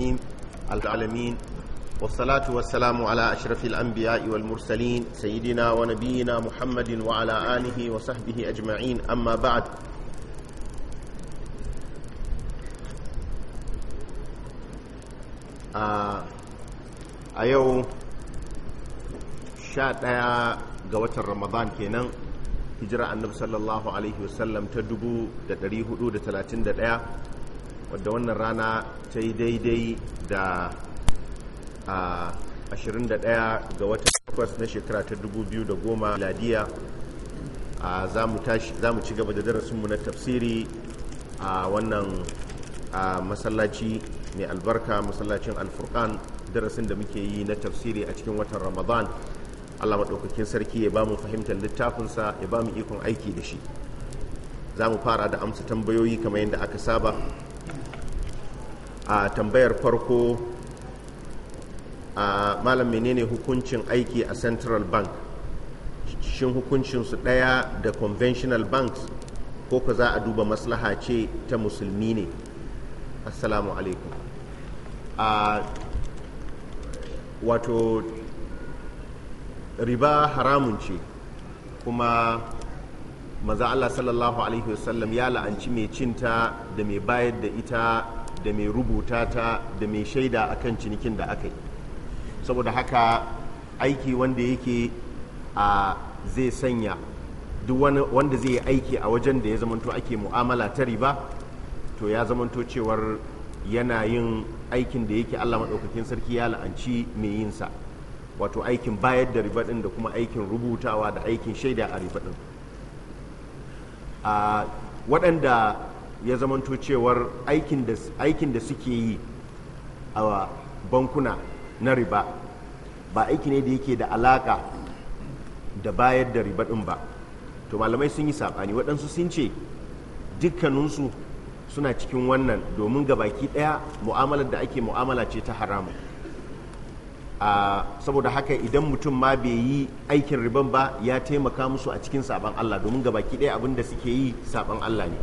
الرحيم العالمين والصلاة والسلام على أشرف الأنبياء والمرسلين سيدنا ونبينا محمد وعلى آله وصحبه أجمعين أما بعد a yau sha ɗaya ga watan ramadan kenan hijira annabi sallallahu alaihi wasallam ta 431 wadda wannan rana ta yi daidai da 21 ga watan takwas na shekara ta 2010 ladiya za mu ci gaba da darasinmu na tafsiri a wannan masallaci mai albarka masallacin alfurkan darasin da muke yi na tafsiri a cikin watan ramadan allah maɗaukakin sarki ya ba mu fahimtar littafinsa ya ba mu ikon aiki da shi za mu fara da amsa tambayoyi kamar yadda aka saba a tambayar farko a malam menene hukuncin aiki a central bank shin hukuncinsu ɗaya da conventional banks ko ka za a duba maslaha ce ta musulmi ne assalamu alaikum a wato riba haramun ce kuma maza Allah sallallahu alaihi wasallam ya la'anci mai cinta da mai bayar da ita da mai rubuta ta da mai shaida a kan cinikin da aka yi saboda haka aiki wanda yake a zai sanya duk wanda zai yi aiki a wajen da ya zamanto ake mu'amala ta riba to ya zamanto cewar yana yin aikin da yake allah maɗaukakin sarki ya la'anci mai yinsa wato aikin bayar da riba ɗin da kuma aikin rubutawa da aikin shaida a riba ɗin waɗanda ya zamanto cewar aikin da suke yi a bankuna na riba ba aiki ne da yake da alaka da bayar da riba ɗin ba to malamai sun yi saɓani waɗansu sun ce dukkaninsu suna cikin wannan domin gabaki ɗaya mu'amalar da ake mu'amala ce ta haramu saboda haka idan mutum ma bai yi aikin riban ba ya taimaka musu a cikin sabon allah domin baki ɗaya abin da suke yi sabon allah ne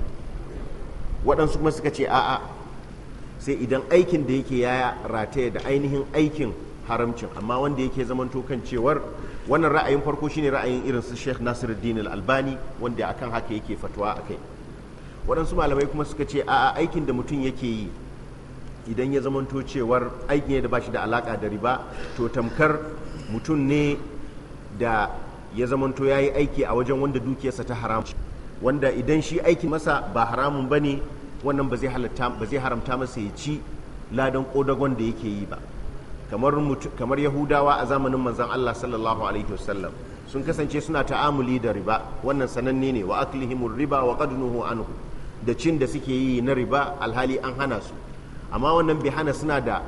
waɗansu kuma suka ce a'a sai idan aikin da yake ya rataya da ainihin aikin haramcin amma wanda yake zamanto kan cewar wannan ra'ayin farko shine ra'ayin irin su Sheikh Nasiruddin Al-Albani wanda akan haka yake fatuwa akai waɗansu malamai kuma suka ce a'a aikin da mutum yake yi idan ya zamanto cewar aikin ya da bashi da alaka da riba to tamkar mutum ne da ya zamanto ya yi aiki a wajen wanda dukiyarsa ta haramci wanda idan shi aikin masa ba haramun ba ne wannan ba zai haramta masa ya ci ladan kodagon da yake yi ba kamar yahudawa a zamanin manzan Allah sallallahu alaihi wasallam sun kasance suna ta'amuli da riba wannan sananne ne wa aklihimur riba wa qadnuhu anhu da cin da suke yi na riba alhali an hana su amma wannan bai hana suna da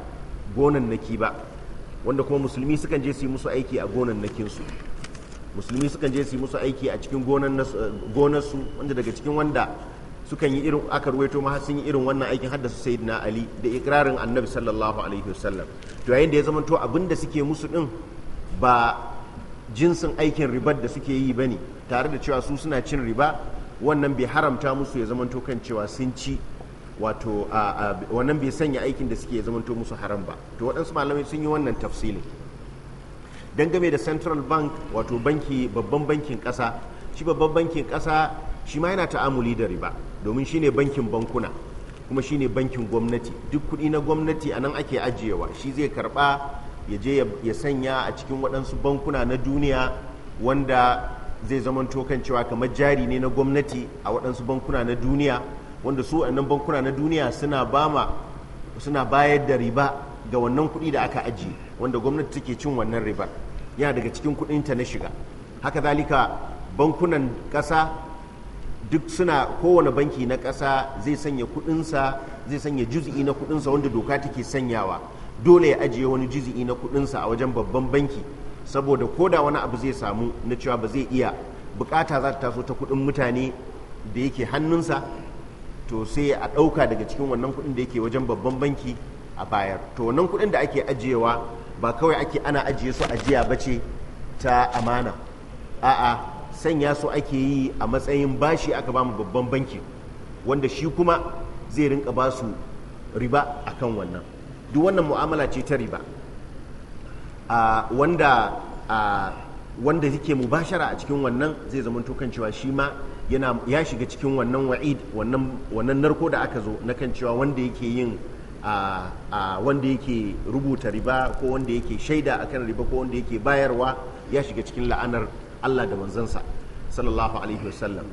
gonannaki ba wanda kuma musulmi sukan je su yi musu aiki a su musulmi sukan je su yi musu aiki a cikin su wanda daga cikin wanda sukan yi irin aka ruwaito ma sun yi irin wannan aikin haddasa sayyidina ali da ikrarin annabi sallallahu alaihi wasallam to yayin da ya zama to abin da suke musu din ba jinsin aikin ribar da suke yi ba ne tare da cewa su suna cin riba wannan bai haramta musu ya zama kan cewa sun ci wato wannan bai sanya aikin da suke ya zama musu haram ba to waɗansu malamai sun yi wannan tafsilin dangane da central bank wato banki babban bankin ƙasa shi babban bankin ƙasa shi ma yana ta'amuli da riba domin shine bankin bankuna kuma shine bankin gwamnati duk kuɗi na gwamnati a nan ake ajiyewa shi zai karba ya je ya sanya a cikin waɗansu bankuna na duniya wanda zai zama tokan cewa kamar jari ne na gwamnati a waɗansu bankuna na duniya wanda su waɗannan bankuna na duniya suna bayar da riba ga wannan kuɗi da aka ajiye wanda gwamnati take cin wannan ribar yana daga cikin kuɗinta na shiga haka zalika bankunan ƙasa duk suna kowane banki na ƙasa zai sanya kuɗinsa zai sanya juzi'i na kuɗinsa wanda doka take sanyawa dole ya ajiye wani juzi'i na kuɗinsa a wajen babban banki saboda ko da wani abu zai samu na cewa ba zai iya bukata za ta taso ta kuɗin mutane da yake hannunsa to sai a ɗauka daga cikin wannan kuɗin da yake wajen babban banki a bayar to wannan kuɗin da ake ajiyewa ba kawai ake ana ajiye su ajiya ba ce ta amana a'a sanya su ake yi a matsayin bashi aka ba mu babban banki wanda shi kuma zai rinka ba su riba a kan wannan duk wannan mu'amala ce ta riba wanda wanda yake mubashara a cikin wannan zai zama tukan cewa shi ma ya shiga cikin wannan wa'id wannan narko da aka zo na kan cewa wanda yake yin wanda yake rubuta riba ko wanda yake shaida akan riba ko wanda yake bayarwa ya shiga cikin la'anar Allah da manzansa sallallahu alaihi wasallam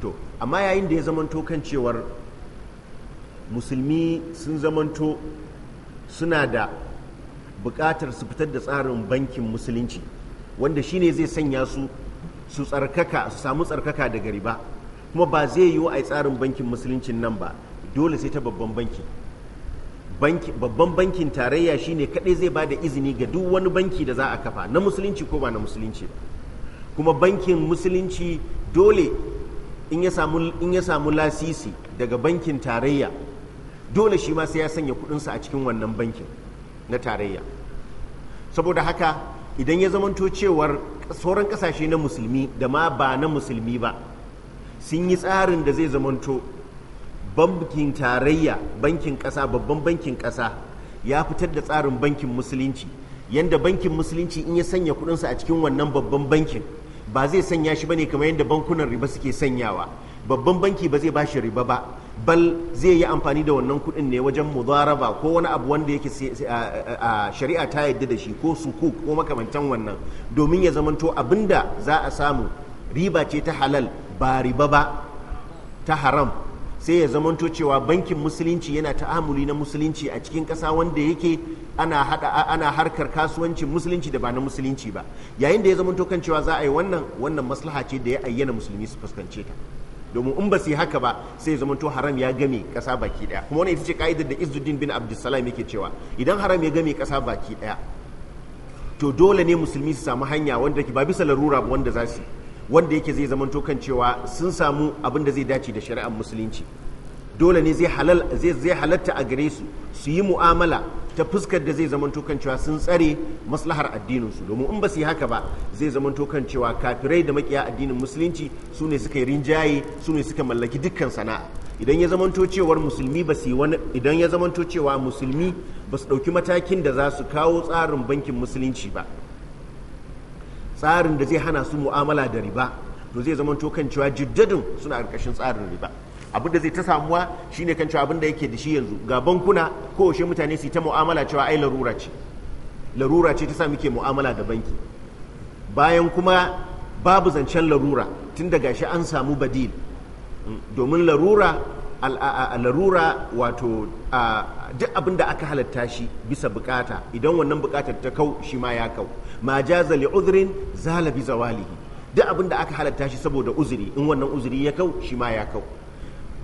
to amma yayin da ya zamanto kan cewar musulmi sun zamanto suna da bukatar su fitar da tsarin bankin musulunci wanda shi ne zai sanya su su tsarkaka su samu tsarkaka daga riba kuma ba zai yiwu a tsarin bankin musuluncin nan ba dole sai ta babban banki babban bankin tarayya shine kadai zai ba da izini ga duk wani banki da za a kafa na musulunci ko ba na musulunci ba kuma bankin musulunci dole in ya samu lasisi daga bankin tarayya dole shi ma sai ya sanya kudinsa a cikin wannan bankin na tarayya saboda haka idan ya zamanto cewar sauran kasashe na musulmi da ma ba na musulmi ba sun yi tsarin da zai zamanto bankin tarayya bankin kasa babban bankin kasa ya fitar da tsarin bankin musulunci yanda bankin musulunci in ya sanya kudinsa a cikin wannan babban bankin ba zai sanya shi ne kamar yadda bankunan riba suke sanyawa babban banki ba zai ba shi riba ba bal zai yi amfani da wannan kuɗin ne wajen mudaraba ko wani abu wanda yake a shari'a ta yadda da shi ko sukuk ko makamantan wannan domin ya zamanto abinda za a samu riba ce ta halal ba riba ba ta haram sai ya zamanto cewa bankin musulunci yana ta'amuli na musulunci a cikin ƙasa wanda yake ana hada ana harkar kasuwancin musulunci da ba na musulunci ba yayin da ya zama tokan kan cewa za a yi wannan wannan maslaha ce da ya ayyana musulmi su fuskance ta domin in ba su yi haka ba sai zama to haram ya game kasa baki daya kuma wannan ita ce ka'idar da izuddin bin Abdulsalam yake cewa idan haram ya game kasa baki daya to dole ne musulmi su samu hanya wanda ba bisa larura ba wanda za su wanda yake zai zama tokan kan cewa sun samu abin da zai dace da shari'ar musulunci dole ne zai halal zai halatta a gare su su yi mu'amala ta fuskar da zai zamanto kan cewa sun tsare maslahar addininsu domin in ba su yi haka ba zai zamanto kan cewa kafirai da makiya addinin musulunci su ne suka yi rinjaye su ne suka mallaki dukkan sana'a idan ya zamanto tocewar musulmi ba su wani idan ya zamanto cewa musulmi ba su ɗauki matakin da za su kawo tsarin bankin musulunci ba tsarin da zai hana su mu'amala da riba to zai zamanto kan cewa jiddadin suna ƙarƙashin tsarin riba abin da zai ta samuwa shine kan cewa abin da yake da shi yanzu ga bankuna ko shi mutane su ta mu'amala cewa ai larura ce larura ce ta sa muke mu'amala da banki bayan kuma babu zancen larura tun daga shi an samu badil mm, domin larura larura wato duk abin da aka halatta shi bisa bukata idan wannan bukatar ta kau shi ma ya kau ma jaza li uzrin zala zawalihi duk abin da aka halatta shi saboda uzuri in wannan uzuri ya kau shi ma ya kau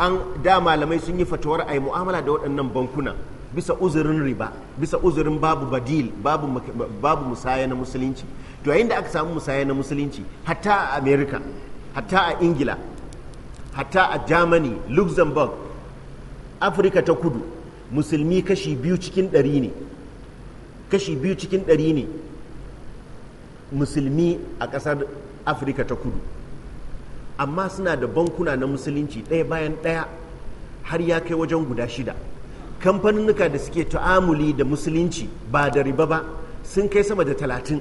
an da malamai sun yi fatawar a yi mu'amala da waɗannan bankuna bisa uzurin riba bisa uzurin babu badil babu, babu musaya na musulunci to yayin da aka samu musaya na musulunci hatta a america hatta a ingila hatta a germany luxembourg afirka ta kudu musulmi kashi biyu cikin ɗari ne kashi biyu cikin ɗari ne musulmi a ƙasar afirka ta kudu amma suna da bankuna na musulunci ɗaya bayan ɗaya har ya kai wajen guda shida kamfaninnuka da suke ta'amuli da musulunci ba da riba ba sun kai sama da talatin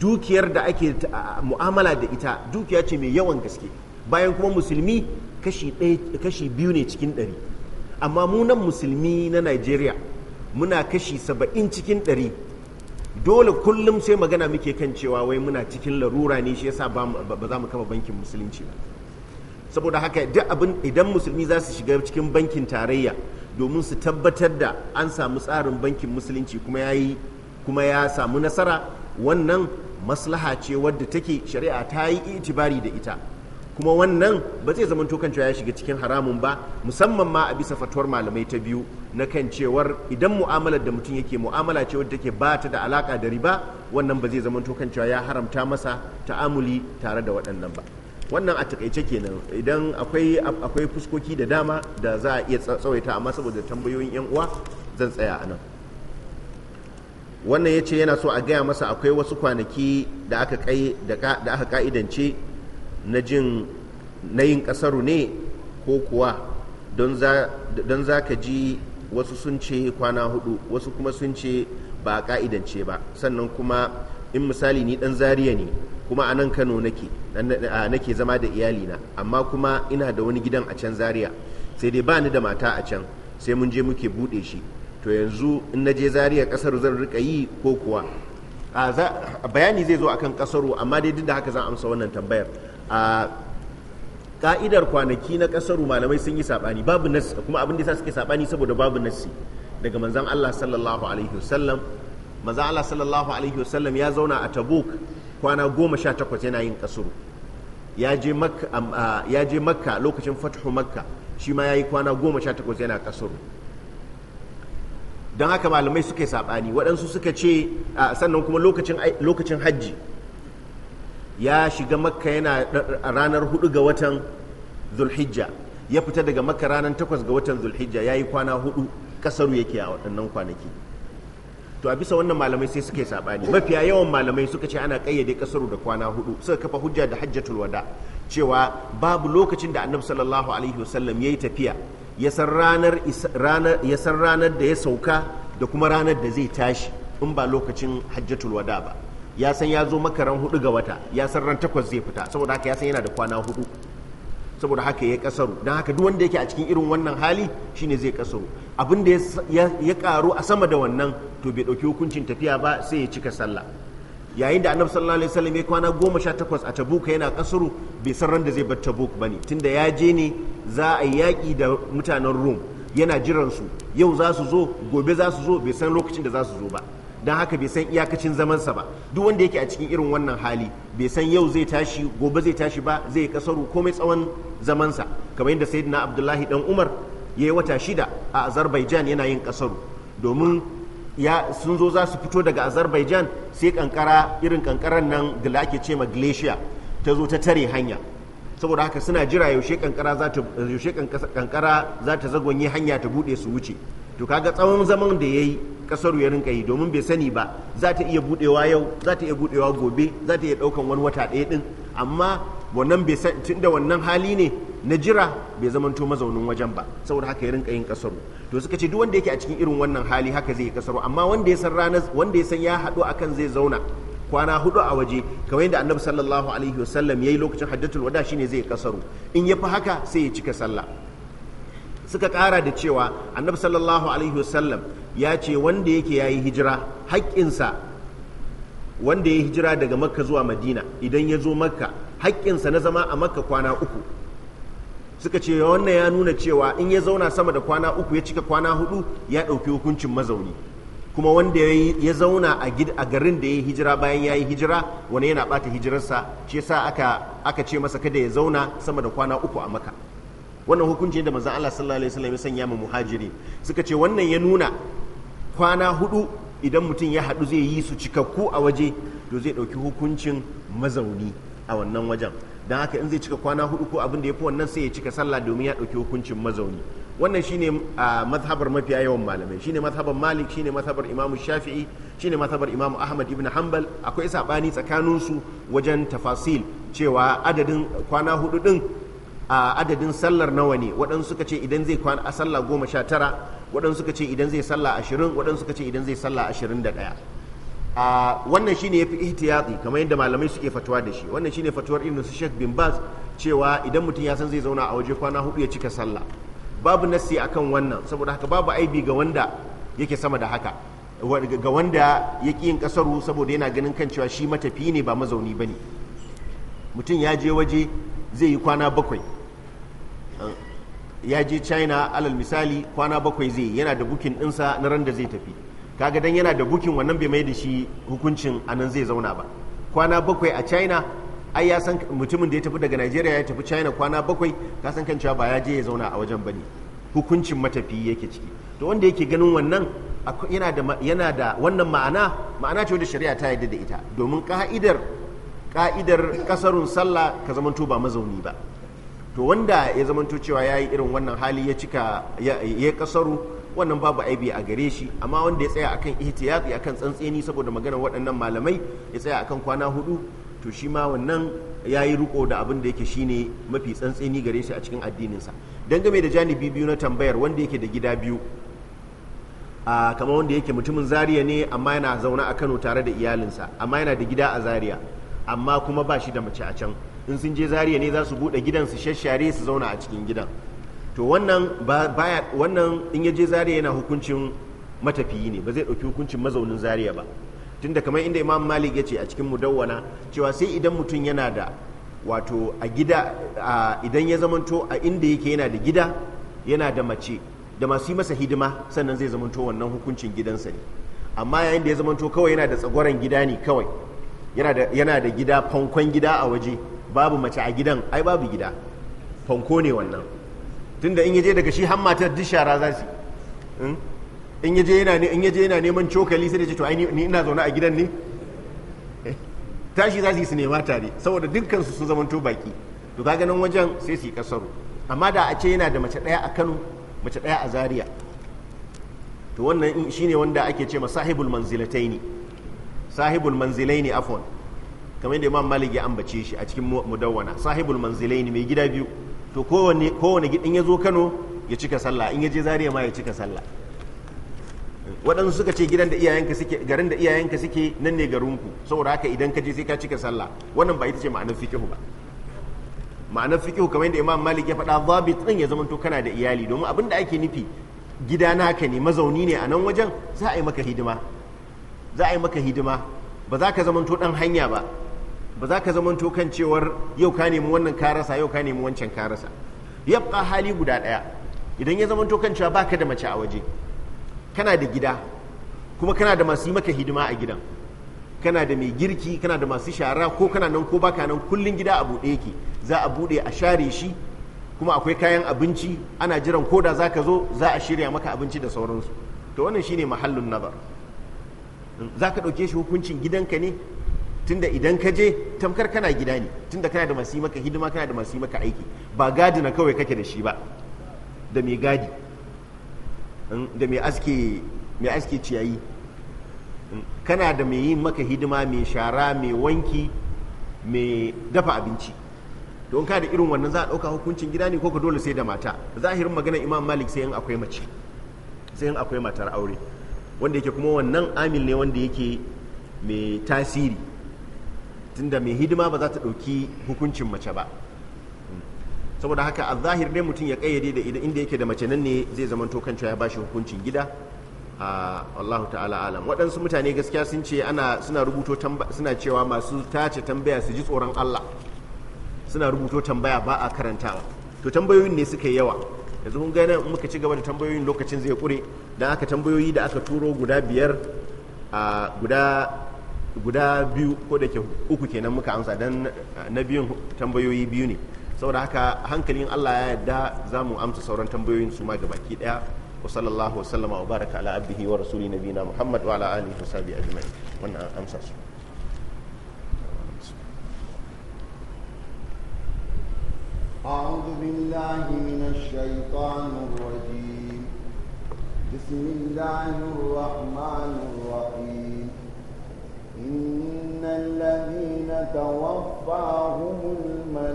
dukiyar da ake mu'amala da ita dukiya ce mai yawan gaske bayan kuma musulmi kashi biyu ne cikin ɗari amma munan musulmi na nigeria muna kashi saba'in cikin ɗari dole kullum sai magana muke kan cewa wai muna cikin larura ne shi yasa ba za mu kama bankin musulunci ba saboda haka duk abin idan musulmi za su shiga cikin bankin tarayya domin su tabbatar da an samu tsarin bankin musulunci kuma ya yi kuma ya samu nasara wannan maslaha ce wadda take shari'a ta yi itibari da ita kuma wannan ba zai zama to cewa ya shiga cikin haramun ba musamman ma a bisa fatuwar malamai ta biyu na kan cewar idan mu'amalar da mutum yake mu'amala ce wadda take ba ta da alaka da riba wannan ba zai zama to cewa ya haramta masa ta'amuli tare da waɗannan ba wannan a takaice kenan idan akwai akwai fuskoki da dama da za a iya tsawaita amma saboda tambayoyin yan uwa zan tsaya a nan wannan ya ce yana so a gaya masa akwai wasu kwanaki da aka ka'idance na jin na yin kasaru ne ko kuwa don za ka ji wasu sun ce kwana hudu wasu kuma sun ce ba a ka'idance ba sannan kuma in misali ni dan zariya ne kuma a nan kano nake nake zama da iyalina amma kuma ina da wani gidan a can zariya sai dai ba ni da mata a can sai mun je muke bude shi to yanzu in na je zariya kasar zan rika yi ko kuwa bayani zai zo akan kasaru amma dai duk da haka zan amsa wannan tambayar a ka'idar kwanaki na kasar malamai sun yi sabani babu nassi kuma abin da yasa suke sabani saboda babu nassi daga manzan Allah sallallahu alaihi wasallam Manzan Allah sallallahu alaihi wasallam ya zauna a Tabuk kwana goma sha takwas yana yin kasuru ya je makka lokacin fathu makka shi ma yi kwana goma sha takwas yana kasuru don haka malamai suka yi saɓani waɗansu suka ce sannan kuma lokacin hajji ya shiga makka yana ranar hudu ga watan zulhijja ya fita daga makka ranar takwas ga watan zulhijja ya yi kwana hudu kasaru yake a waɗannan kwanaki to a bisa wannan malamai sai suka yi saɓani mafiya yawan malamai suka ce ana ƙayyade kasaru da kwana hudu suka kafa hujja da hajjatul wada cewa babu lokacin da annabi sallallahu alaihi wasallam ya yi tafiya ya san ranar da ya sauka da kuma ranar da zai tashi in ba lokacin hajjatul wada ba ya san ya zo maka hudu ga wata ya san ran takwas zai fita saboda haka ya san yana da kwana hudu saboda haka ya kasaru don haka duk wanda yake a cikin irin wannan hali shine zai kasaru abin da ya karu a sama da wannan to bai dauki hukuncin tafiya ba sai ya cika sallah yayin da annabi sallallahu alaihi wasallam ya kwana goma sha takwas a tabuk yana kasaru bai san ran da zai bar tabuk ba ne tunda ya je ne za a yi yaƙi da mutanen rum yana jiran su yau za su zo gobe za su zo bai san lokacin da za su zo ba don haka bai san iyakacin zamansa ba duk wanda yake a cikin irin wannan hali bai san yau zai tashi gobe zai tashi ba zai kasaru komai tsawon zamansa kamar yadda sayyidina abdullahi dan umar ya yi wata shida a azerbaijan yana yin kasaru domin ya sun zo za su fito daga azerbaijan sai kankara irin kankaran nan da ake ce ma glacier ta zo ta tare hanya saboda haka suna jira yaushe kankara za ta zagonye hanya ta bude su wuce to kaga tsawon zaman da ya yi kasar ya rinka yi domin bai sani ba za ta iya budewa yau za ta iya budewa gobe za ta iya daukan wani wata ɗaya din amma wannan bai san tun da wannan hali ne na jira bai to mazaunin wajen ba saboda haka ya rinka yin kasaru to suka ce duk wanda yake a cikin irin wannan hali haka zai yi kasaru amma wanda ya san rana wanda ya san ya haɗu akan zai zauna kwana hudu a waje kamar yadda annabi sallallahu alaihi wasallam yayi lokacin haddatul wada shine zai kasaru in ya fi haka sai ya cika sallah suka kara da cewa annabi sallallahu alaihi wasallam ya ce wanda yake ya yi hijira haƙƙinsa wanda ya yi hijira daga makka zuwa madina idan ya zo makka haƙƙinsa na zama a makka kwana uku suka ce wannan ya nuna cewa in ya zauna sama da kwana uku ya cika kwana hudu ya ɗauki hukuncin mazauni kuma wanda ya zauna a garin da ya yi hijira bayan ya yi hijira wani yana ɓata hijirarsa ce sa aka ce masa kada ya zauna sama da kwana uku a maka wannan hukunci da manzon Allah sallallahu alaihi wasallam ya sanya ma muhajiri suka ce wannan ya nuna kwana hudu idan mutum ya haɗu zai yi su cikakku a waje to zai ɗauki hukuncin mazauni a wannan wajen don haka in zai cika kwana hudu ko abin da ya fi wannan sai ya cika sallah domin ya ɗauki hukuncin mazauni wannan shine a mazhabar mafiya yawan malamai shine mazhabar malik shine mazhabar imam shafi'i shine mazhabar imam ahmad ibn hanbal akwai sabani tsakanin su wajen tafasil cewa adadin kwana hudu din a adadin sallar nawa ne waɗansu suka ce idan zai kwana a sallah goma sha tara waɗansu suka ce idan zai sallah ashirin waɗansu suka ce idan zai sallah ashirin da ɗaya wannan shine ya yafi ihtiyati kamar yadda malamai suke fatuwa da shi wannan shine fatuwar ibn su Sheikh bin Baz cewa idan mutum ya san zai zauna a waje kwana hudu ya cika sallah babu nassi akan wannan saboda haka babu aibi ga wanda yake sama da haka ga wanda ya ƙi yin ƙasaru saboda yana ganin kan cewa shi matafi ne ba mazauni ba ne mutum ya je waje zai yi kwana bakwai ya je china alal misali kwana bakwai zai yana da bukin ɗinsa na randa zai tafi kaga dan yana da bukin wannan bai mai da shi hukuncin anan zai zauna ba kwana bakwai a china ai ya san mutumin da ya tafi daga nigeria ya tafi china kwana bakwai ka san kan cewa ba ya je ya zauna a wajen bane hukuncin matafi yake ciki to wanda yake ganin wannan yana da yana da wannan ma'ana ma'ana ce da shari'a ta yadda da ita domin ka'idar ka'idar kasarun sallah ka zamanto ba mazauni ba to wanda ya zamanto cewa ya yi irin wannan hali ya cika ya kasaru wannan babu aibi a gare shi amma wanda ya tsaya akan ihtiyati akan tsantseni saboda maganar waɗannan malamai ya tsaya akan kwana hudu to shi ma wannan ya yi riko da abin da yake shine mafi tsantseni gare shi a cikin addininsa game da janibi biyu na tambayar wanda yake da gida biyu a kamar wanda yake mutumin zariya ne amma yana zauna a kano tare da iyalinsa amma yana da gida a zariya amma kuma ba shi da mace a can in sun je zariya ne za su buɗe gidan su shashare su zauna a cikin gidan to wannan baya wannan in ya je zariya yana hukuncin matafiyi ne ba zai ɗauki hukuncin mazaunin zariya ba tunda kamar inda imam malik ya ce a cikin mudawwana cewa sai idan mutum yana da wato a gida idan ya zamanto a inda yake yana da gida yana da mace da masu yi masa hidima sannan zai zamanto wannan hukuncin gidansa ne amma yayin da ya zamanto kawai yana da tsagoran gida ne kawai yana da gida fankon gida a waje babu mace a gidan ai babu gida fanko ne wannan tunda in yaje daga shi har matar duk shara za su hmm? in yaje yana ne in yaje yana neman cokali sai da ce to ai ni ina zaune a gidan ne eh. tashi za su yi su nema tare saboda dukkan su sun zamanto baki to kaga nan wajen sai su yi kasaro amma da a ce yana da mace daya a Kano mace daya a Zaria to wannan shine wanda ake ce ma sahibul manzilataini sahibul manzilaini afwan kamar yadda imam malik ya ambace shi a cikin mudawwana sahibul manzilaini mai gida biyu to kowane kowane in ya zo kano ya cika sallah in ya je zariya ma ya cika sallah waɗansu suka ce gidan da iyayenka suke garin da iyayenka suke nan ne garinku saboda haka idan ka je sai ka cika sallah wannan ba ita ce ma'anar fiqhu ba ma'anar fiqhu kamar yadda imam malik ya faɗa zabit din ya zamanto kana da iyali domin abin da ake nufi gida naka ne mazauni ne a nan wajen za a yi maka hidima za a yi maka hidima ba za ka zamanto ɗan hanya ba ba za ka zamanto tokan cewar yau ka nemi wannan karasa yau ka nemi wancan karasa rasa hali guda daya idan ya zamanto tokan cewa baka da mace a waje kana da gida kuma kana da masu yi maka hidima a gidan kana da mai girki kana da masu shara ko kana nan ko baka nan kullun gida a buɗe yake za a buɗe a share shi kuma akwai kayan abinci ana jiran koda za ka zo za a shirya maka abinci da sauransu to wannan shine mahallun nazar za ka ɗauke shi hukuncin gidanka ne tunda idan ka je tamkar kana gida ne tunda kana da masu yi maka hidima kana da masu maka aiki ba gadi na kawai kake da shi ba da mai gadi hmm, da mai aske ciyayi hmm, kana da mai yin maka hidima mai shara mai wanki mai dafa abinci to in ka da irin wannan za a ɗauka hukuncin gida ne ko ka dole sai da mata zahirin magana imam malik sai in akwai mace sai in akwai matar aure wanda yake kuma wannan amil ne wanda yake mai tasiri tunda mai hidima ba za ta ɗauki hukuncin mace ba saboda haka a zahir ne mutum ya kayyade da idan inda yake da mace nan ne zai zama to kan ya bashi hukuncin gida a Allah ta'ala alam waɗansu mutane gaskiya sun ce ana suna rubuto suna cewa masu tace tambaya su ji tsoron Allah suna rubuto tambaya ba a karantawa to tambayoyin ne suka yi yawa yanzu kun gane muka ci gaba da tambayoyin lokacin zai kure dan aka tambayoyi da aka turo guda biyar a guda guda biyu ko da ke uku kenan muka amsa don eh, na biyun tambayoyi biyu ne saboda haka hankalin Allah ya yadda za mu amsa sauran tambayoyin su ma gabaki daya wa sallallahu wa sallama wa baraka ala abdihi wa rasuli nabina muhammad wa ala alihi wa sahbihi ajma'in wannan an amsa su أعوذ بالله من الشيطان الرجيم بسم الله الرحمن الرحيم إن الذين توفاهم الملائكة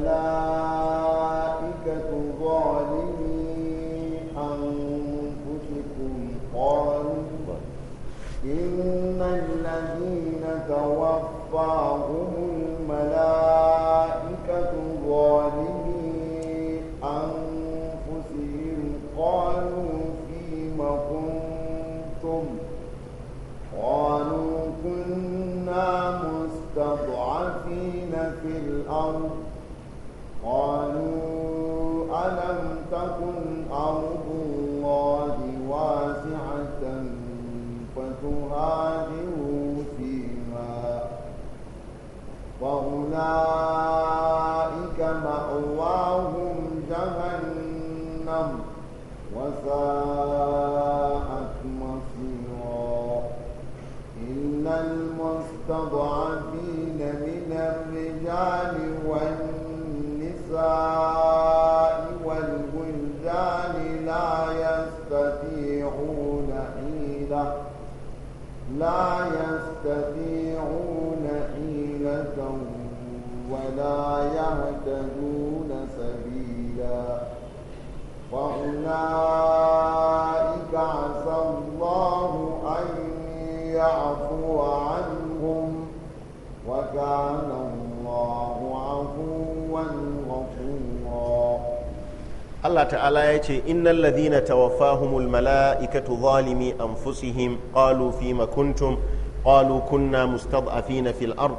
ظالمي أنفسكم قالوا إن الذين توفاهم مستضعفين في الأرض قالوا ألم تكن أرض الله واسعة فتهاجروا فيها فأولئك السماء والبلدان لا يستطيعون حيلة لا يستطيعون حيلة ولا يهتدون سبيلا فأولئك ta'ala ya ce innal ladhina tawaffahumul mala'ikatu zalimi anfusihim qalu fima kuntum qalu kunna mustad'afina fil ard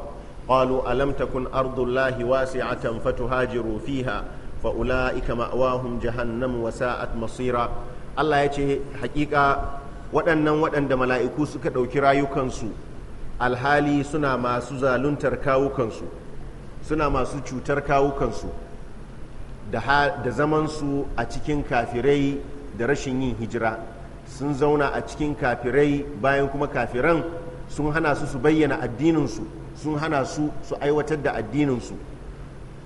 قالوا ألم تكن أرض الله واسعة فتهاجروا فيها jahannam مأواهم جهنم وساءت مصيرا الله يتي حقيقة waɗannan waɗanda mala'iku suka ɗauki rayukansu alhali suna masu zaluntar kawukansu suna masu cutar kawukansu da zamansu a cikin kafirai da rashin yin hijira sun zauna a cikin kafirai bayan kuma kafiran sun hana su su bayyana addininsu sun hana su su aiwatar da addininsu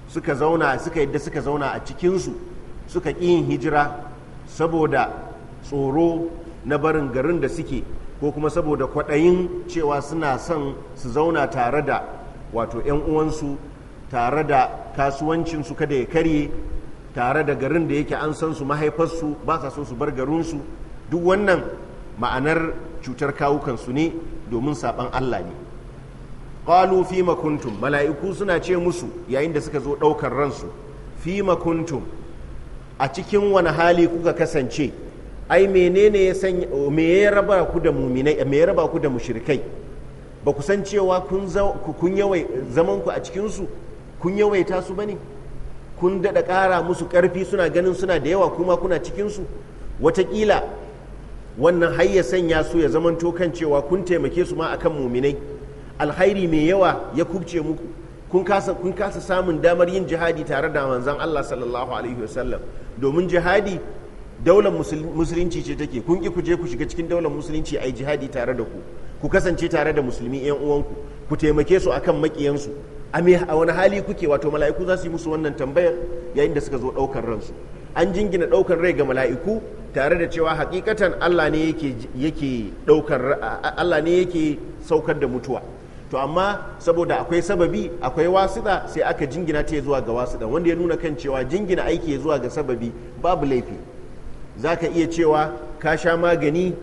suka zauna suka yadda suka zauna a cikinsu suka ƙi yin hijira saboda tsoro na barin garin da suke ko kuma saboda kwaɗayin cewa suna son su zauna tare da wato 'yan uwansu tare da kasuwancinsu kada ya karye tare da garin da yake an san su mahaifarsu ba sa so su bar garin su duk wannan ma'anar cutar kawukan su ne domin saban Allah ne qalu fi kuntum mala'iku suna ce musu yayin da suka zo ɗaukar ransu fi kuntum a cikin wani hali kuka kasance ai menene ya san me ya raba ku da muminai me ya raba ku da mushrikai ba ku san cewa kun yawai zaman ku a cikin su kun yawaita su bane kun daɗa ƙara musu ƙarfi suna ganin suna da yawa kuma kuna cikinsu watakila wannan har ya sanya su ya zamanto kan cewa kun taimake su ma akan muminai alhairi mai yawa ya kubce muku kun kasa kun kasa samun damar yin jihadi tare da manzon Allah sallallahu alaihi wasallam domin jihadi daular musulunci ce take kun ki ku je ku shiga cikin daular musulunci ai jihadi tare da ku ku kasance tare da musulmi yan uwanku ku taimake su akan makiyansu a wani hali kuke wato mala'iku za su yi musu wannan tambayar yayin da suka zo ɗaukar ransu an jingina ɗaukar rai ga mala'iku tare da cewa hakikatan Allah ne yake Allah ne yake saukar da mutuwa to amma saboda akwai sababi akwai wasuɗa sai aka jingina ta zuwa ga wasuɗa wanda ya nuna kan cewa jingina aiki zuwa ga sababi babu laifi za ka iya cewa ka sha magani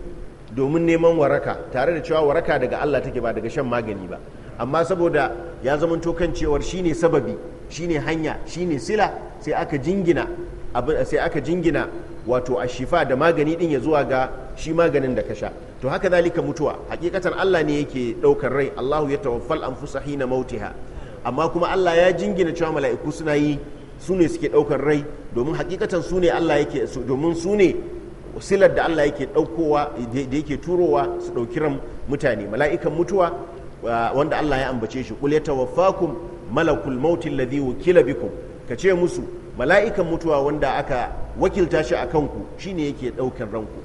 domin neman waraka tare da cewa waraka daga Allah take ba daga shan magani ba amma saboda ya zama kan cewar shine sababi shine hanya shine sila sai aka jingina sai aka jingina wato ashifa da magani din ya zuwa ga shi maganin da ka sha to haka zalika mutuwa hakikatan Allah ne yake daukar rai Allahu ya tawaffal anfusa hina mautiha amma kuma Allah ya jingina cewa mala'iku suna yi su ne suke daukar rai domin hakikatan su ne Allah yake domin su ne silar da Allah yake daukowa da yake turowa su dauki ran mutane mala'ikan mutuwa wanda Allah ya ambace shi kul yatawaffakum malakul maut alladhi wukila bikum kace musu mala'ikan mutuwa wanda aka wakilta shi a kanku shine yake daukar ranku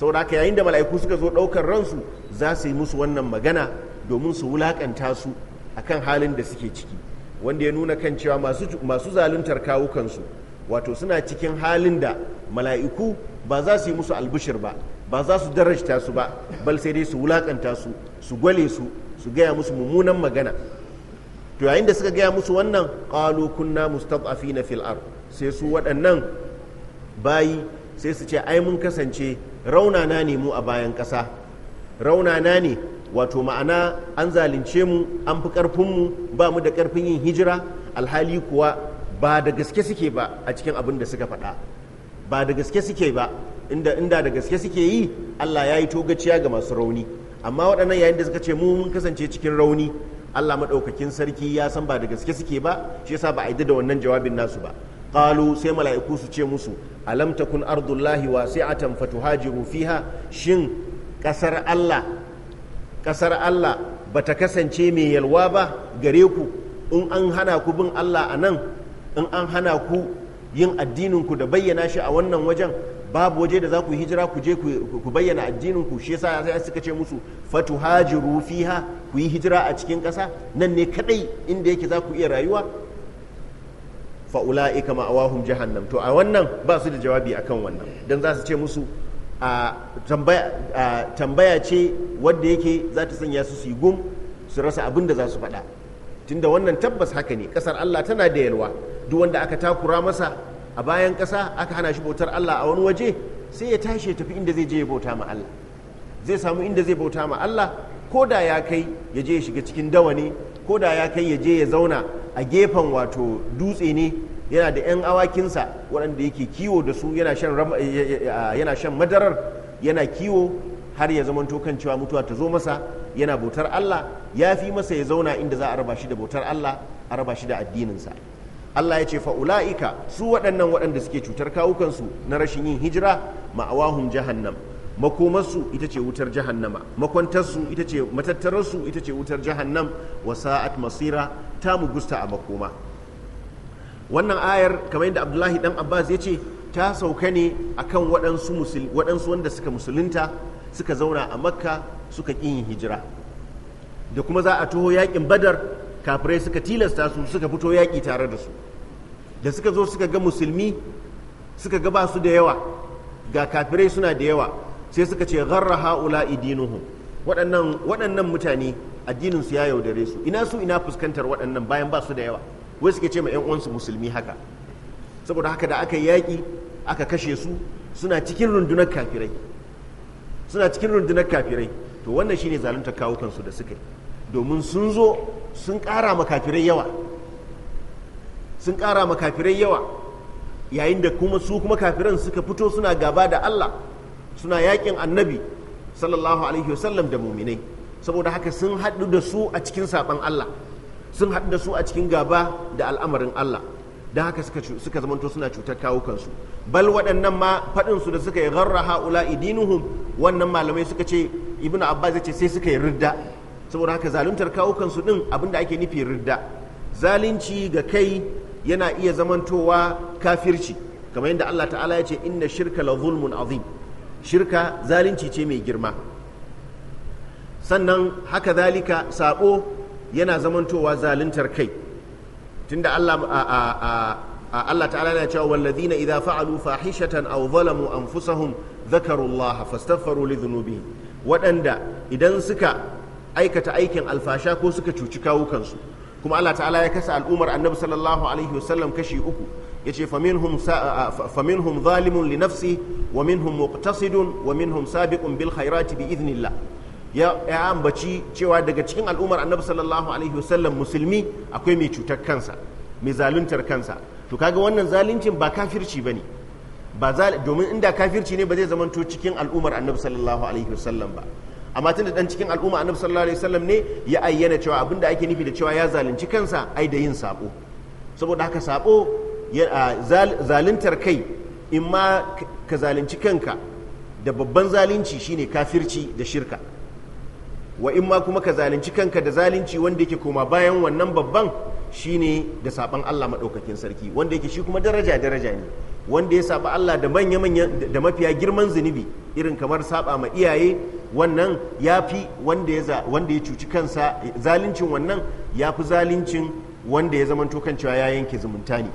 saboda haka yayin da mala'iku suka zo daukar ransu za su yi musu wannan magana domin su wulakanta su akan halin da suke ciki wanda ya nuna kan cewa masu masu zaluntar kawukansu wato suna cikin halin da mala'iku ba za su yi musu albishir ba ba za su darajta su ba bal sai dai su wulakanta su su gwale su su gaya musu mummunan magana to yayin da suka gaya musu wannan qalu kunna mustad'afina na fil'ar sai su waɗannan bayi sai su ce ai mun kasance raunana ne mu a bayan ƙasa raunana ne wato ma'ana an zalunce mu an fi ƙarfin mu ba mu da ƙarfin yin hijira alhali kuwa ba da gaske suke ba a cikin abin da suka faɗa ba da gaske suke ba inda da gaske suke yi Allah ya yi togaciya ga masu rauni amma waɗannan yayin da suka ce mu mun kasance cikin rauni Allah maɗaukakin sarki ya san ba da gaske suke ba shi yasa ba a yi da wannan jawabin nasu ba qalu sai mala'iku su ce musu alam takun ardullahi wasi'atan fatuhajiru fiha shin kasar Allah kasar Allah bata kasance mai yalwa ba gare ku in an hana ku bin Allah a nan in an hana ku yin addinin ku da bayyana shi a wannan wajen babu waje da za ku hijira ku je ku bayyana addinin ku shi yasa sai suka ce musu fatu hajiru fiha ku yi hijira a cikin ƙasa nan ne kadai inda yake za ku iya rayuwa fa ulaika ma'awahum jahannam to a wannan ba su da jawabi akan wannan dan za su ce musu a tambaya ce wanda yake za ta sanya su su gum su rasa abin da za su faɗa tunda wannan tabbas haka ne ƙasar Allah tana da yalwa duk wanda aka takura masa a bayan ƙasa aka hana shi bautar Allah a wani waje sai ya tashi ya tafi inda zai je ya bauta ma Allah zai samu inda zai bauta ma Allah ko da ya kai ya je ya shiga cikin ne ko da ya kai ya je ya zauna a gefen wato dutse ne yana da 'yan awakinsa waɗanda yake kiwo da su yana shan madarar yana kiwo har ya zamanto kan cewa mutuwa ta zo masa yana bautar Allah ya fi masa ya zauna inda za a raba shi da bautar Allah a raba shi da addininsa Allah ya ce fa'ula'ika su waɗannan waɗanda suke cutar kawukansu na rashin yin hijira ma'awahum jahannam makomarsu ita ce wutar jahannama makwantarsu ita ce matattararsu ita ce wutar jahannam wa sa'at masira ta gusta a makoma wannan ayar kamar yadda abdullahi dan abbas ya ce ta sauka ne akan waɗansu waɗansu wanda suka musulunta suka zauna a makka suka ƙin yin hijira da kuma za a taho yaƙin badar kafirai suka tilasta su suka fito yaƙi tare da su da suka zo suka ga musulmi suka ga ba su da yawa ga kafirai suna da yawa sai suka ce gharra haula idinuhum waɗannan waɗannan mutane addinin su ya yaudare su ina su ina fuskantar waɗannan bayan ba su da yawa wai suke ce ma ƴan uwansu musulmi haka saboda haka da aka yaƙi aka kashe su suna cikin rundunar kafirai suna cikin rundunar kafirai to wannan shine zaluntar kawukan su da suka yi domin sun zo sun ƙara makafirai yawa sun ƙara makafirai yawa yayin da kuma su kuma kafiran suka fito suna gaba da Allah suna yakin annabi sallallahu alaihi wasallam da muminai saboda haka sun haɗu da su a cikin saɓan Allah sun haɗu da su a cikin gaba da al'amarin Allah don haka suka zamanto suna cutar kawukansu bal waɗannan ma faɗinsu da suka yi gharra ha'ula idinuhum wannan malamai suka ce ibnu abbas ya ce sai suka yi ridda saboda haka zaluntar kawo kansu din abinda ake nufi ridda zalunci ga kai yana iya zamantowa kafirci kamar yadda Allah ta'ala ya ce inna shirka la zulmun azim shirka zalunci ce mai girma sannan haka zalika sabo yana zamantowa zaluntar kai tunda Allah a, a, Allah ta'ala ya cewa wallazina idza fa'alu fahishatan aw zalamu anfusahum dhakarullaha fastaghfiru li dhunubihim waɗanda idan suka aikata aikin alfasha ko suka cuci kawukansu kuma Allah ta'ala ya kasa al'umar annabi sallallahu alaihi wasallam kashi uku ya ce faminhum zalimun li nafsi wa minhum muqtasidun wa minhum sabiqun bil khairati bi idhnillah ya ambaci cewa daga cikin al'umar annabi sallallahu alaihi wasallam musulmi akwai mai cutar kansa mai zaluntar kansa to kaga wannan zaluncin ba kafirci bane ba domin inda kafirci ne ba zai zamanto cikin al'umar annabi sallallahu alaihi wasallam ba amma tunda dan cikin al'umma annabi sallallahu alaihi wasallam ne ya ayyana cewa abinda ake nufi da cewa ya zalunci kansa ai da yin sabo saboda haka sabo zaluntar kai in ma ka zalunci kanka da babban zalunci shine kafirci da shirka wa in ma kuma ka zalunci kanka da zalunci wanda yake koma bayan wannan babban shine da saban Allah maɗaukakin sarki wanda yake shi kuma daraja daraja ne wanda ya saba Allah da manya manya da mafiya girman zunubi irin kamar saba ma iyaye wannan ya fi wanda ya cuci kansa zalincin wannan ya fi zalincin wanda ya zamanto kan cewa ya yanke zumunta ne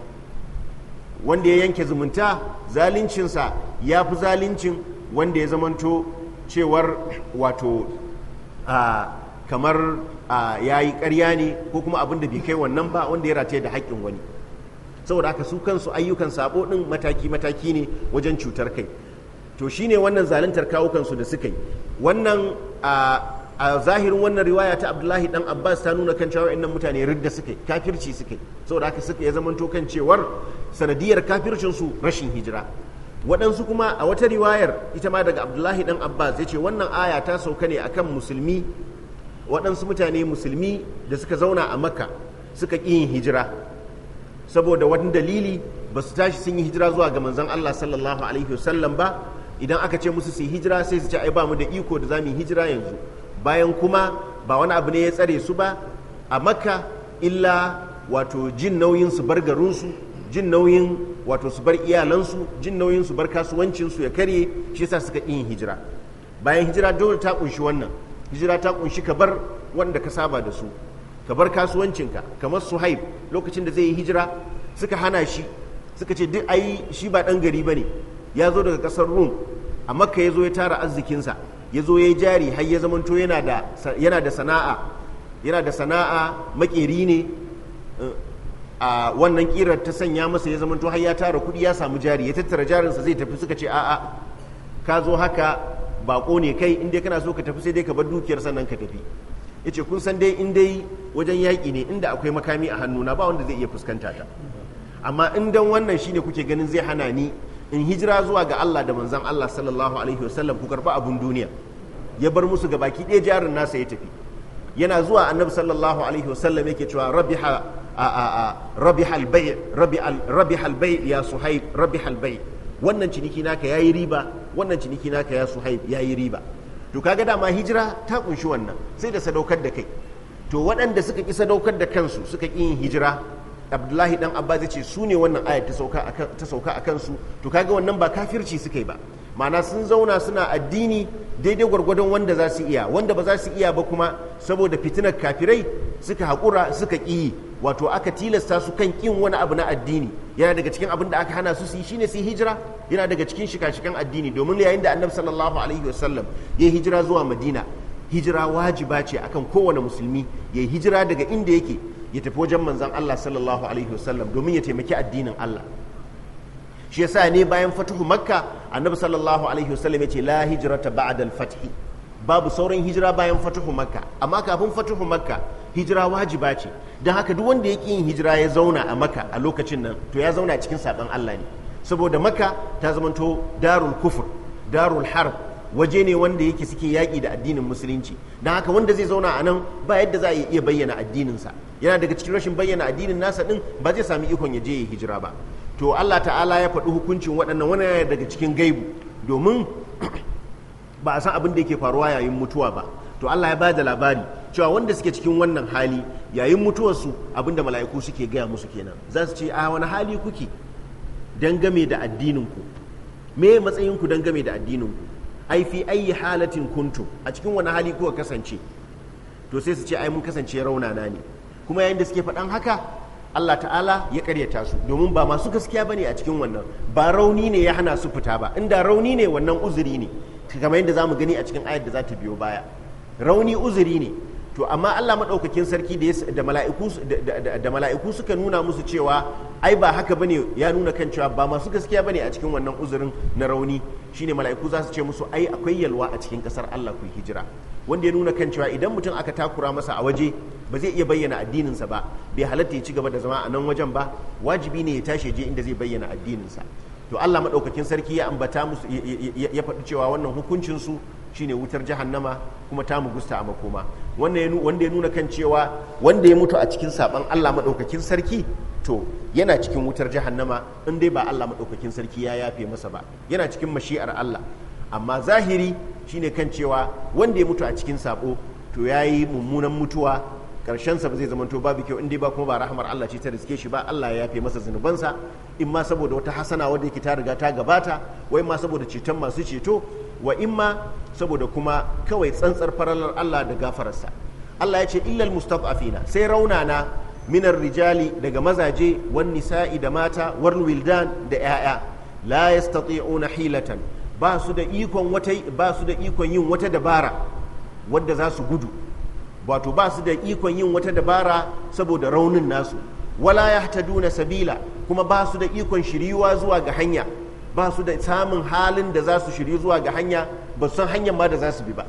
wanda ya yanke zumunta zalincinsa ya fi zalincin wanda ya zamanto cewar wato kamar ya yi karya ne ko kuma abin da bai kai wannan ba wanda ya rataye da haƙƙin wani saboda haka su kansu ayyukan sabo ɗin mataki-mataki ne wajen cutar kai to ne wannan zaluntar kawukansu da suka yi wannan a zahirin wannan riwaya ta abdullahi dan abbas ta nuna kan cewa innan mutane ridda yi kafirci yi saboda haka suka ya zamanto kan cewar sanadiyar kafircinsu rashin hijira waɗansu kuma a wata riwayar ita ma daga abdullahi dan abbas ya ce wannan aya ta sauka ne akan musulmi waɗansu mutane musulmi da suka zauna a makka suka ƙi yin hijira saboda wani dalili ba su tashi sun yi hijira zuwa ga manzon allah sallallahu alaihi wasallam ba idan aka ce musu su hijira sai su ce ai ba mu da iko da zamu hijira yanzu bayan kuma ba wani abu ne ya tsare su ba a makka illa wato jin nauyin su bar garinsu jin nauyin wato su bar iyalansu jin nauyin su bar kasuwancinsu ya karye shi yasa suka yin hijira bayan hijira dole ta kunshi wannan hijira ta kunshi ka bar wanda ka saba da su ka bar kasuwancinka kamar su suhaib lokacin da zai yi hijira suka hana shi suka ce duk ayi shi ba dan gari bane ya zo daga kasar rum a makka ya zo ya tara arzikinsa ya zo ya yi jari har ya zamanto yana da sana'a yana da sana'a makeri ne eh, a wannan kirar ta sanya masa ya zamanto har ya tara kudi ya samu jari ya tattara jarinsa zai tafi suka ce a'a ka zo haka bako ne kai inda kana so ka tafi sai dai ka bar dukiyar sannan ka tafi ya ce kun san dai in dai wajen yaƙi ne inda akwai makami a hannuna ba wanda zai iya fuskanta ta amma in dan wannan shine kuke ganin zai hana ni in hijira zuwa ga Allah da manzan Allah sallallahu alaihi wasallam ku karba abun duniya ya bar musu ga baki ɗaya jarin nasa ya tafi yana zuwa annabi sallallahu alaihi wasallam yake cewa rabiha a a a rabiha albay rabiha ya suhaib wannan ciniki naka yayi riba wannan ciniki naka ya suhaib yayi riba to kaga dama hijira ta kunshi wannan sai da sadaukar da kai to waɗanda suka ki sadaukar da kansu suka ki yin hijira abdullahi dan abba zai ce su ne wannan ayat ta sauka a kansu to kaga wannan ba kafirci suka yi ba mana sun zauna suna addini daidai gwargwadon wanda za su iya wanda ba za su iya ba kuma saboda fitinar kafirai suka haƙura suka ƙi wato aka tilasta su kan ƙin wani abu na addini yana daga cikin abin da aka hana su su yi shine su hijira yana daga cikin shika-shikan addini domin yayin da annabi sallallahu alaihi wasallam ya hijira zuwa madina hijira wajiba ce akan kowane musulmi ya hijira daga inda yake ya tafi wajen manzan Allah sallallahu alaihi wasallam domin ya taimaki addinin Allah shi yasa ne bayan fatuhu makka annabi sallallahu alaihi wasallam ya ce la hijrata ba'da al-fath babu sauran hijira bayan fatuhu makka amma kafin fatuhu makka hijira wajiba ce don haka duk wanda ya ƙi yin hijira ya zauna a makka a lokacin nan to ya zauna cikin saɓon Allah ne saboda makka ta zamanto darul kufur darul harb waje ne wanda yake suke yaƙi da addinin musulunci don haka wanda zai zauna a nan ba yadda za a iya bayyana addininsa yana daga cikin rashin bayyana addinin nasa din ba zai sami ikon ya je ya hijira ba to Allah ta'ala ya faɗi hukuncin waɗannan wani yana daga cikin gaibu domin ba a san abin da yake faruwa yayin mutuwa ba to Allah ya bada labari cewa wanda suke cikin wannan hali yayin mutuwarsu abin da mala'iku suke gaya musu kenan za su ce a wani hali kuke dangame da addininku me matsayinku dangame da addininku ai fi ayi halatin kuntum a cikin wani hali kuka kasance to sai su ce ai mun kasance raunana ne kuma yayin da suke faɗan haka Allah ta'ala ya karyata su domin ba masu gaskiya bane a cikin wannan ba rauni ne ya hana su fita ba inda rauni ne wannan uzuri ne kamar yadda zamu gani a cikin ayar da za ta biyo baya rauni uzuri ne to amma Allah maɗaukakin sarki da mala'iku suka nuna musu cewa ai ba haka bane ya nuna kan cewa ba masu gaskiya bane a cikin wannan uzurin na rauni shine mala'iku za su ce musu ai akwai yalwa a cikin kasar Allah ku hijira wanda ya nuna kan cewa idan mutum aka takura masa a waje ba zai iya bayyana addininsa ba bai halatta ya ci gaba da zama a nan wajen ba wajibi ne ya tashi je inda zai bayyana addininsa to Allah maɗaukakin sarki ya ambata musu ya faɗi cewa wannan hukuncinsu shine wutar jahannama kuma ta mu gusta a makoma wanda ya nuna kan cewa wanda ya mutu a cikin saban Allah maɗaukakin sarki to yana cikin wutar jahannama in dai ba Allah maɗaukakin sarki ya yafe masa ba yana cikin mashi'ar Allah amma zahiri shi ne kan cewa wanda ya mutu a cikin sabo to ya yi mummunan mutuwa ƙarshen ba zai zamanto babu kyau in dai ba kuma ba rahamar Allah ce ta riske shi ba Allah ya yafe masa zunubansa in ma saboda wata hasana wadda yake ta riga ta gabata wai ma saboda ceton masu ceto wa imma saboda kuma kawai tsantsar faralar Allah da gafararsa Allah ya ce illal mustad'afina sai raunana minar rijali daga mazaje wan nisa'i da mata war wildan da yaya la yastati'una hilatan ba su ba su da ikon yin wata dabara wadda za su gudu wato ba su da ikon yin wata dabara saboda raunin nasu wala yahtaduna sabila kuma ba su da ikon shiriyuwa zuwa ga hanya ba su da samun halin da za su shiryu zuwa ga hanya ba san hanyar ma da za su bi ba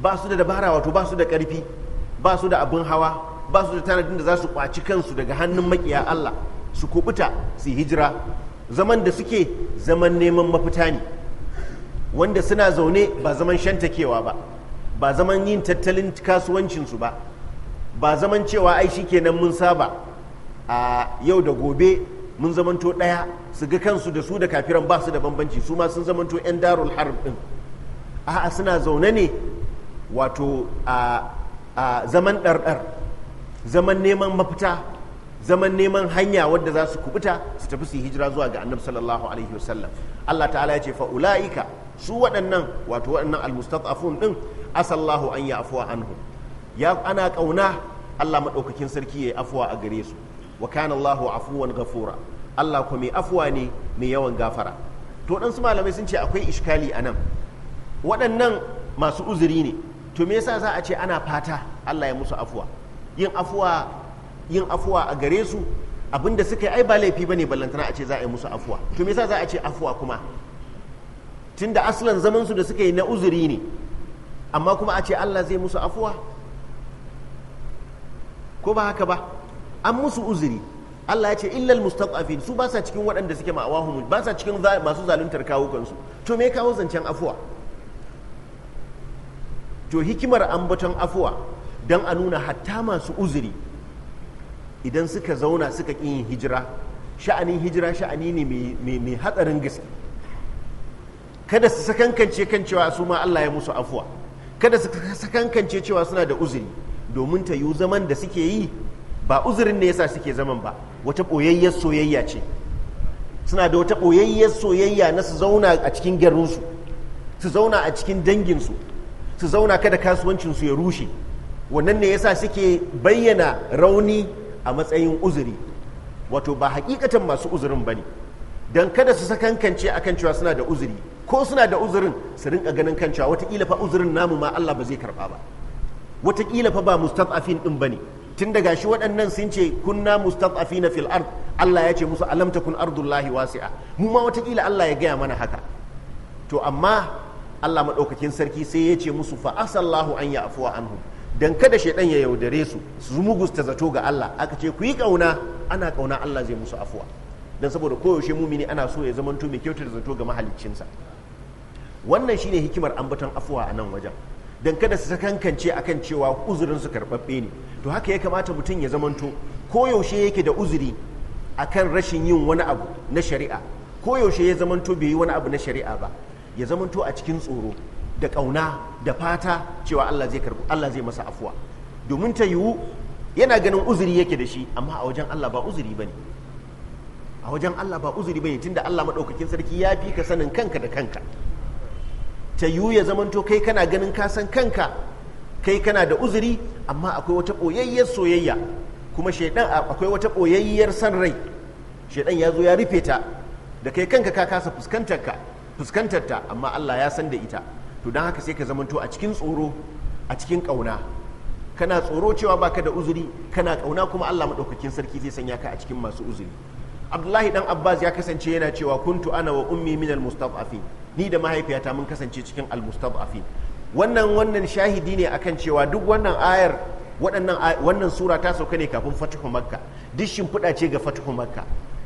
ba su da dabara wato ba su da ƙarfi ba su da abin hawa ba su da tanadin da za su kwaci kansu daga hannun makiya Allah su kubuta su hijira zaman da suke zaman neman mafita ne wanda suna zaune ba zaman shantakewa ba ba zaman yin tattalin kasuwancinsu ba ba zaman cewa aishi kenan mun saba a yau da gobe mun zamanto ɗaya su ga kansu da su da kafiran ba su da bambanci su ma sun zamanto 'yan darul harb ɗin a'a suna zaune ne wato a zaman ɗarɗar zaman neman mafita zaman neman hanya wadda za su kubuta su tafi su hijira zuwa ga annabi sallallahu alaihi wasallam Allah ta'ala ya ce fa ulaika su waɗannan wato waɗannan almustatafun din asallahu an ya afuwa anhu ya ana kauna Allah madaukakin sarki ya afuwa a gare su wa kana Allahu afuwan ghafura Allah mai afuwa ne mai yawan gafara to dan su malamai sun ce akwai iskali anan waɗannan masu uzuri ne to me yasa za a ce ana fata Allah ya musu afuwa yin afuwa yin afuwa a gare su abinda suka yi ai ba laifi bane ballantana a ce za a yi musu afuwa to me yasa za a ce afuwa kuma tunda aslan zaman su da suka yi na uzuri ne amma kuma a ce Allah zai musu afuwa ko ba haka ba an musu uzuri Allah ya ce illal mustaqafin su ba sa cikin waɗanda suke ma'awahum ba sa cikin masu zaluntar kawo kansu to me kawo zancen afuwa to hikimar ambaton afuwa dan a nuna hatta masu uzuri idan suka zauna suka ƙi yin hijira sha'anin hijira sha'ani ne mai hatsarin gaske kada su sakankance kan cewa su ma Allah ya musu afuwa kada su sakankance cewa suna da uzuri domin ta yi zaman da suke yi ba uzurin ne yasa suke zaman ba wata ɓoyayyar soyayya ce suna da wata ɓoyayyar soyayya na su zauna a cikin gyarunsu su zauna a cikin danginsu su zauna kada kasuwancinsu ya rushe wannan ne yasa suke bayyana rauni a matsayin uzuri wato ba hakikatan masu uzurin ba ne don kada su sakankance kan cewa suna da uzuri ko suna da uzurin su rinka ganin kan cewa watakila fa uzurin namu ma Allah ba zai karɓa ba watakila fa ba ɗin ba ne. tun daga shi waɗannan sun ce kunna na fil ard Allah ya ce musu alamta kun ardullahi wasi'a mu ma watakila Allah ya gaya mana haka to amma Allah maɗaukakin sarki sai ya ce musu fa asallahu an ya afuwa anhu dan kada shaidan ya yaudare su su ta zato ga Allah aka ce ku yi kauna ana ƙauna Allah zai musu afuwa don saboda koyaushe mumini ana so ya zamanto mai kyautar zato ga mahaliccinsa wannan shine hikimar ambaton afuwa a nan wajen dan kada su sakankance akan cewa uzurin su karɓaɓɓe ne to haka ya kamata mutum ya zamanto koyaushe yake da uzuri akan rashin yin wani abu na shari'a koyaushe ya zamanto bai yi wani abu na shari'a ba ya zamanto a cikin tsoro da ƙauna da fata cewa Allah zai karbu Allah zai masa afuwa domin ta yiwu yana ganin uzuri yake da shi amma a wajen Allah ba uzuri bane a wajen Allah ba uzuri bane tunda Allah madaukakin sarki ya fi ka sanin kanka da kanka ta yiwu ya zamanto kai kana ganin kasan kanka kai kana da uzuri amma akwai wata ɓoyayyar soyayya kuma shaidan akwai wata ɓoyayyar san rai shaidan ya zo ya rufe ta da kai kanka ka kasa fuskantar ta amma Allah ya san da ita to don haka sai ka zamanto a cikin tsoro a cikin ƙauna kana tsoro cewa baka da uzuri kana ƙauna kuma Allah maɗaukakin sarki zai sanya ka a cikin masu uzuri Abdullahi dan Abbas ya kasance yana cewa kuntu ana wa ummi minal mustad'afin ni da mahaifiyata mun kasance cikin almustad'afin wannan wannan shahidi ne akan cewa duk wannan ayar waɗannan wannan sura ta sauka ne kafin fatuhu makka duk shimfiɗa ce ga fatuhu makka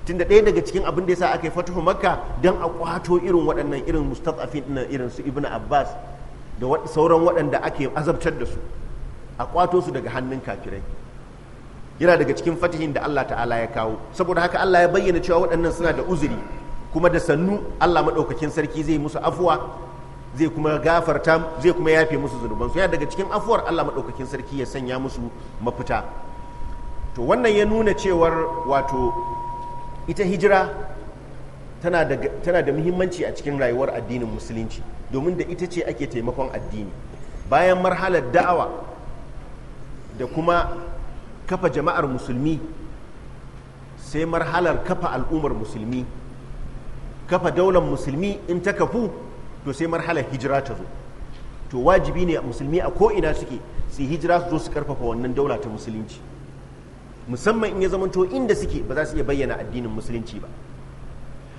tunda ɗaya daga cikin abin da yasa aka yi fatuhu makka don a kwato irin waɗannan irin mustad'afin na irin su ibnu abbas da sauran waɗanda ake azabtar da su a kwato su daga hannun kafirai yana daga cikin fatihin da Allah ta'ala ya kawo saboda haka Allah ya bayyana cewa waɗannan suna da uzuri kuma da sannu Allah maɗaukakin sarki zai musu afuwa zai kuma gafarta zai kuma yafe musu zunubansu ya daga cikin afuwar Allah maɗaukakin sarki ya sanya musu mafita to wannan ya nuna cewar wato ita hijira tana da, tana da muhimmanci a cikin rayuwar addinin musulunci domin da ita ce ake taimakon addini bayan marhalar da'awa da kuma kafa jama'ar musulmi sai marhalar kafa al'ummar musulmi kafa daular musulmi in ta kafu to sai marhalar hijira ta zo to wajibi ne musulmi a ko'ina suke su hijira su zo su karfafa wannan daula ta musulunci musamman in ya zama zamanto inda suke ba za su iya bayyana addinin musulunci ba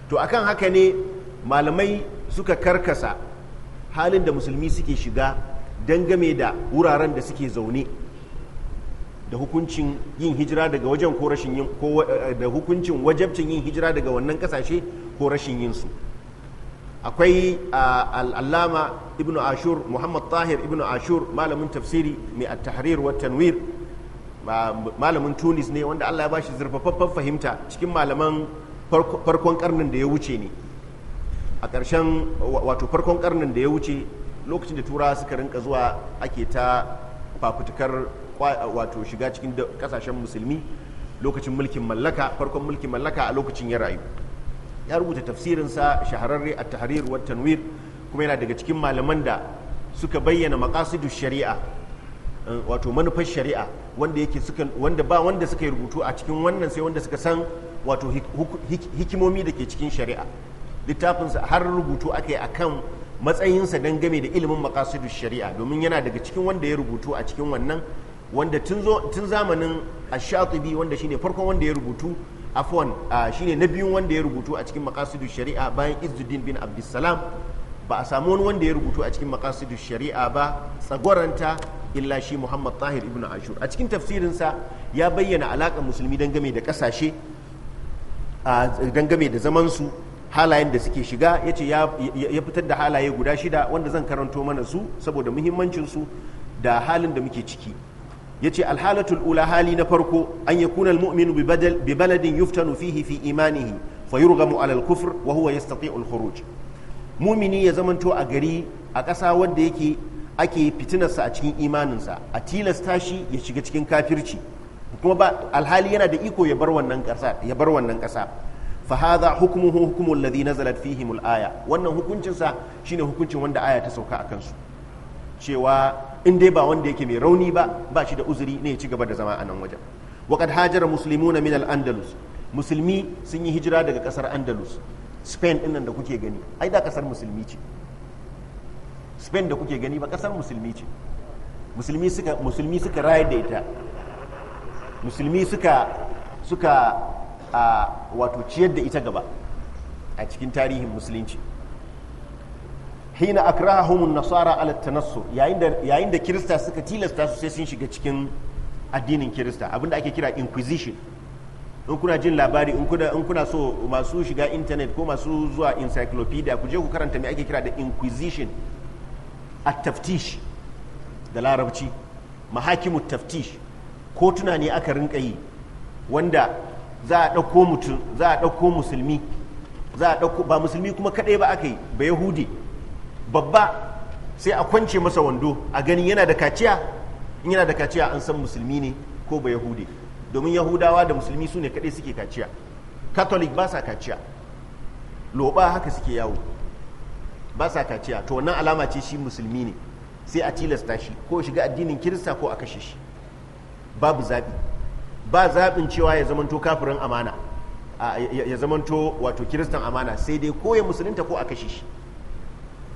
to akan haka ne malamai suka karkasa halin da musulmi suke shiga dangame da wuraren da suke zaune da hukuncin yin hijira daga wajen ko rashin yin ko eh, da hukuncin wajabcin yin hijira daga wannan kasashe ko rashin yin su akwai al'allama ibnu ashur muhammad tahir ibnu ashur malamin tafsiri mai at-tahrir wa tanwir malamin tunis ne wanda allah ya bashi zurfafaffen fahimta cikin malaman farkon karnin da ya wuce ne a ƙarshen wato farkon karnin da ya wuce lokacin da tura suka rinka zuwa ake ta fafutukar wato shiga cikin kasashen musulmi lokacin mulkin mallaka farkon mulkin mallaka a lokacin ya rayu ya rubuta tafsirinsa shahararre a tahrir wa tanwir kuma yana daga cikin malaman da suka bayyana maqasidu shari'a eh, wato manufar shari'a wanda yake suka wanda ba wanda suka yi rubutu a cikin wannan sai wanda suka san wato hikimomi da ke cikin shari'a littafinsa har rubutu aka yi kan matsayinsa game da ilimin maqasidu shari'a domin yana daga cikin wanda ya rubutu a cikin wannan wanda tun zamanin ash-shatibi wanda shine farkon wanda ya rubutu afwan shine na biyun wanda ya rubutu a cikin maqasidu shari'a bayan Izzuddin bin Abdussalam ba a samu wani wanda ya rubutu a cikin maqasidu shari'a ba tsagwaranta illa shi Muhammad Tahir ibn Ashur a cikin tafsirinsa ya bayyana alaƙar musulmi game da ƙasashe game da zaman su halayen da suke shiga ya ce ya fitar da halaye guda shida wanda zan karanto mana su saboda muhimmancin su da halin da muke ciki yace alhalatul ula hali na farko an yakuna almu'minu bi baladin yuftanu fihi fi imanihi fa yurghamu ala al-kufr wa huwa yastati'u al-khuruj mumini ya zamanto a gari a kasa wanda yake ake fitinarsa a cikin imaninsa a tilasta shi ya shiga cikin kafirci kuma ba alhali yana da iko ya bar wannan ƙasa ya bar wannan ƙasa fa hadha hukmuhu hukmu alladhi nazalat fihim aya wannan hukuncinsa shine hukuncin wanda aya ta sauka akan su cewa in dai ba wanda yake mai rauni ba ba shi da uzuri ne ya ci gaba da zama a nan wajen waqad hajjara musulmi na minal andalus musulmi sun yi hijira daga kasar andalus spain nan da kuke gani ai da kasar musulmi ce spain da kuke gani ba kasar musulmi ce musulmi suka musulmi suka rayar da ita musulmi suka suka a wato ciyar da ita gaba a cikin tarihin musulunci hina homun nasara ala yayin da kirista suka tilasta su sai sun shiga cikin addinin kirista abinda ake kira inquisition in kuna jin labari in kuna so masu shiga intanet ko masu zuwa encyclopedia ku je ku karanta mai ake kira da inquisition a taftish da larabci mahakimu taftish ko tunani aka rinka yi wanda za a ɗauko musulmi ba musulmi kuma kaɗai ba aka yi ba yahudi babba sai a kwance masa wando a gani yana da kaciya in yana da kaciya an san musulmi ne ko ba yahudi domin yahudawa da musulmi su ne kaɗai suke kaciya catholic ba sa kaciya loba haka suke yawo ba sa kaciya to wannan alama ce shi musulmi ne sai a tilasta shi ko shiga addinin kirista ko a kashe shi babu zaɓi ba zaɓin cewa ya zamanto kafirin amana ya zamanto wato kiristan amana sai dai ko ya musulunta ko a kashe shi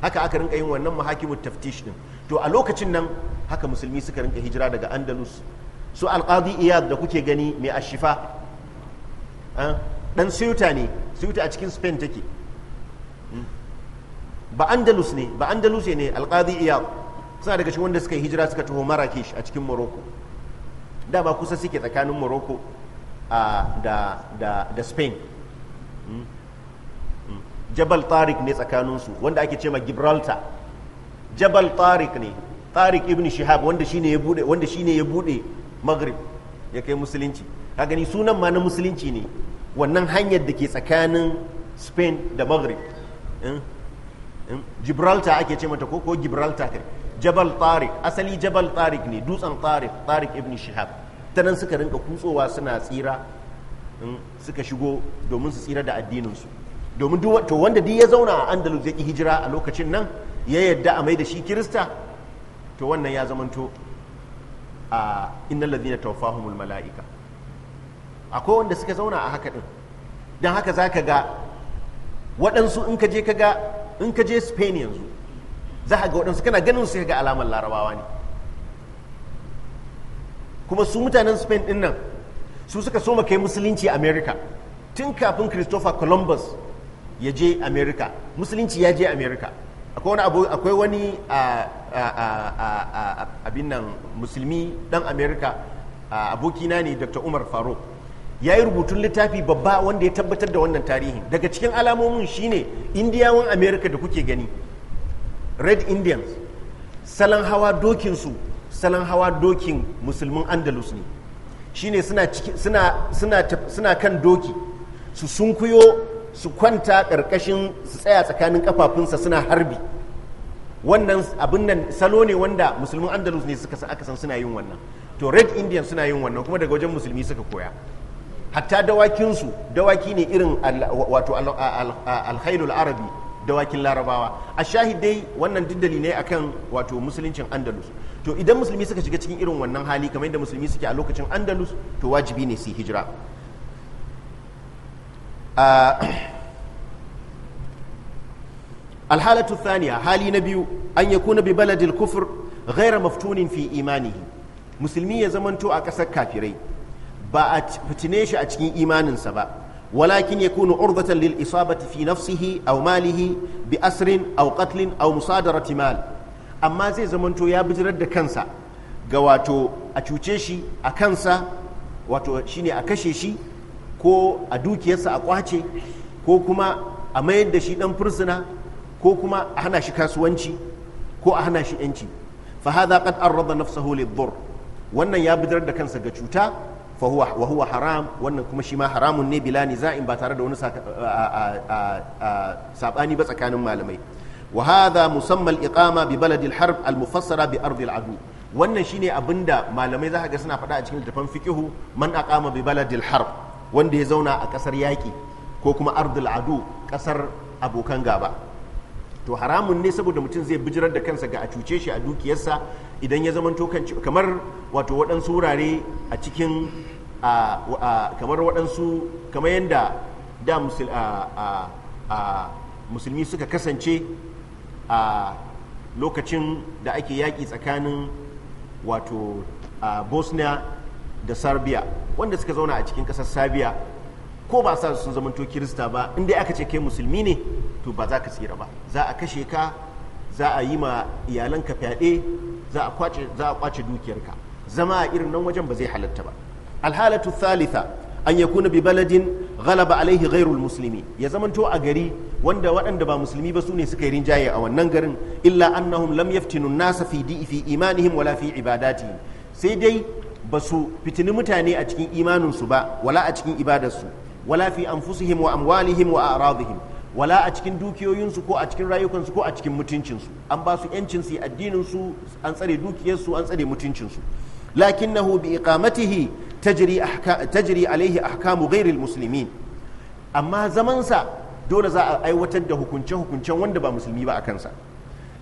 haka aka rinka yin wannan mahakimut taftish din to a lokacin nan haka musulmi suka rinka hijira daga andalus su alqadi iyad da kuke gani mai ashifa dan siyuta ne siyuta a cikin spain take hmm. ba andalus ne ba andalus ne alqadi iyad suna daga cikin wanda suka yi hijira suka taho marrakesh a cikin morocco da ba kusa suke tsakanin morocco da spain hmm. jabal tariq ne tsakaninsu wanda ake ce ma gibraltar jabal tariq ne tariq ibn shihab wanda shine ya bude wanda shine ya bude maghrib ya kai musulunci ka gani sunan ma na musulunci ne wannan hanyar da ke tsakanin spain da maghrib gibraltar ake ce mata ko gibraltar jabal tariq asali jabal tariq ne dutsen tariq tariq ibn shihab ta nan suka rinka kutsowa suna tsira suka shigo domin su tsira da addininsu domin to wanda duk ya zauna a andalus ya ki hijira a lokacin nan ya yadda a mai da shi kirista to wannan ya zamanto a innal ladina tawaffahumul mala'ika akwai wanda suka zauna a haka din dan haka zaka ga waɗansu in ka je ka ga in ka je Spain yanzu za ka ga waɗansu kana ganin su ga alamar larabawa ne kuma su mutanen Spain din nan su suka soma kai musulunci America tun kafin Christopher Columbus ya je amerika musulunci ya je amerika akwai wani abin nan musulmi dan america abokina ne dr umar faruk ya yi rubutun littafi babba wanda ya tabbatar da wannan tarihin daga cikin alamomin shine indiyawan amerika da kuke gani red indians salon hawa dokinsu salon hawa dokin musulmin andalus ne shine suna, suna kan doki su sunkuyo su kwanta ƙarƙashin su tsaya tsakanin kafafunsa suna harbi wannan abin nan salo ne wanda musulmin andalus ne suka aka san suna yin wannan to red indian suna yin wannan kuma daga wajen musulmi suka koya hatta dawakinsu dawaki ne irin wato alhailul arabi dawakin larabawa a shahidai wannan diddali ne akan wato musuluncin andalus to idan musulmi suka shiga cikin irin wannan hali kamar yadda musulmi suke a lokacin andalus to wajibi ne su hijira alhalatu thaniya hali na biyu an ya kuna bi baladil kufur gaira maftunin fi imanihi musulmi ya zamanto a ƙasar kafirai ba a fitine shi a cikin imaninsa ba walakin ya kuna urdatan lil isabati fi nafsihi aw malihi bi asrin aw qatlin aw musadarati mal amma zai zamanto ya bijirar da kansa ga wato a cuce shi a kansa wato shine a kashe shi ko a dukiyarsa a kwace ko kuma a mayar da shi dan fursuna ko kuma a hana shi kasuwanci ko a hana shi yanci fa hadha qad arrada nafsahu lidhur wannan ya bidar da kansa ga cuta fa huwa wa huwa haram wannan kuma shi ma haramun ne bila niza'in ba tare da wani sabani ba tsakanin malamai wa hadha musamma al-iqama bi baladi al-harb al-mufassara bi ardi al-adu wannan shine abinda malamai za ka ga suna faɗa a cikin littafin fiqihu man aqama bi baladi al-harb wanda ya zauna a ƙasar yaƙi ko kuma ardul adu ƙasar abokan gaba to haramun ne saboda mutum zai bijirar da kansa ga a cuce shi a dukiyarsa idan ya zama kamar wato waɗansu wurare a cikin kamar waɗansu kamar yadda da musulmi suka kasance a lokacin da ake yaƙi tsakanin wato bosnia da sarbiya wanda suka zauna a cikin ƙasar sabiya ko ba sa sun zamanto kirista ba in dai aka ce kai musulmi ne to ba za ka tsira ba za a kashe ka za a yi ma iyalanka fyaɗe za a kwace za a kwace dukiyarka zama a irin nan wajen ba zai halatta ba alhalatu thalitha an yakuna bi baladin ghalaba alaihi ghairul muslimi ya zamanto a gari wanda waɗanda ba musulmi ba su ne suka yi rinjaye a wannan garin illa annahum lam yaftinun nasa fi di fi imanihim wala fi ibadatihim sai dai ba su fitini mutane a cikin imaninsu ba wala a cikin ibadarsu wala fi anfusihim wa amwalihim wa a'radihim wala a cikin dukiyoyinsu ko a cikin rayukansu ko a cikin mutuncinsu an ba su yancin su addinin su an tsare dukiyarsu an tsare mutuncinsu lakinnahu bi iqamatihi tajri tajri alaihi ahkamu ghairil muslimin amma zamansa dole za a aiwatar da hukunce hukuncen wanda ba musulmi ba a kansa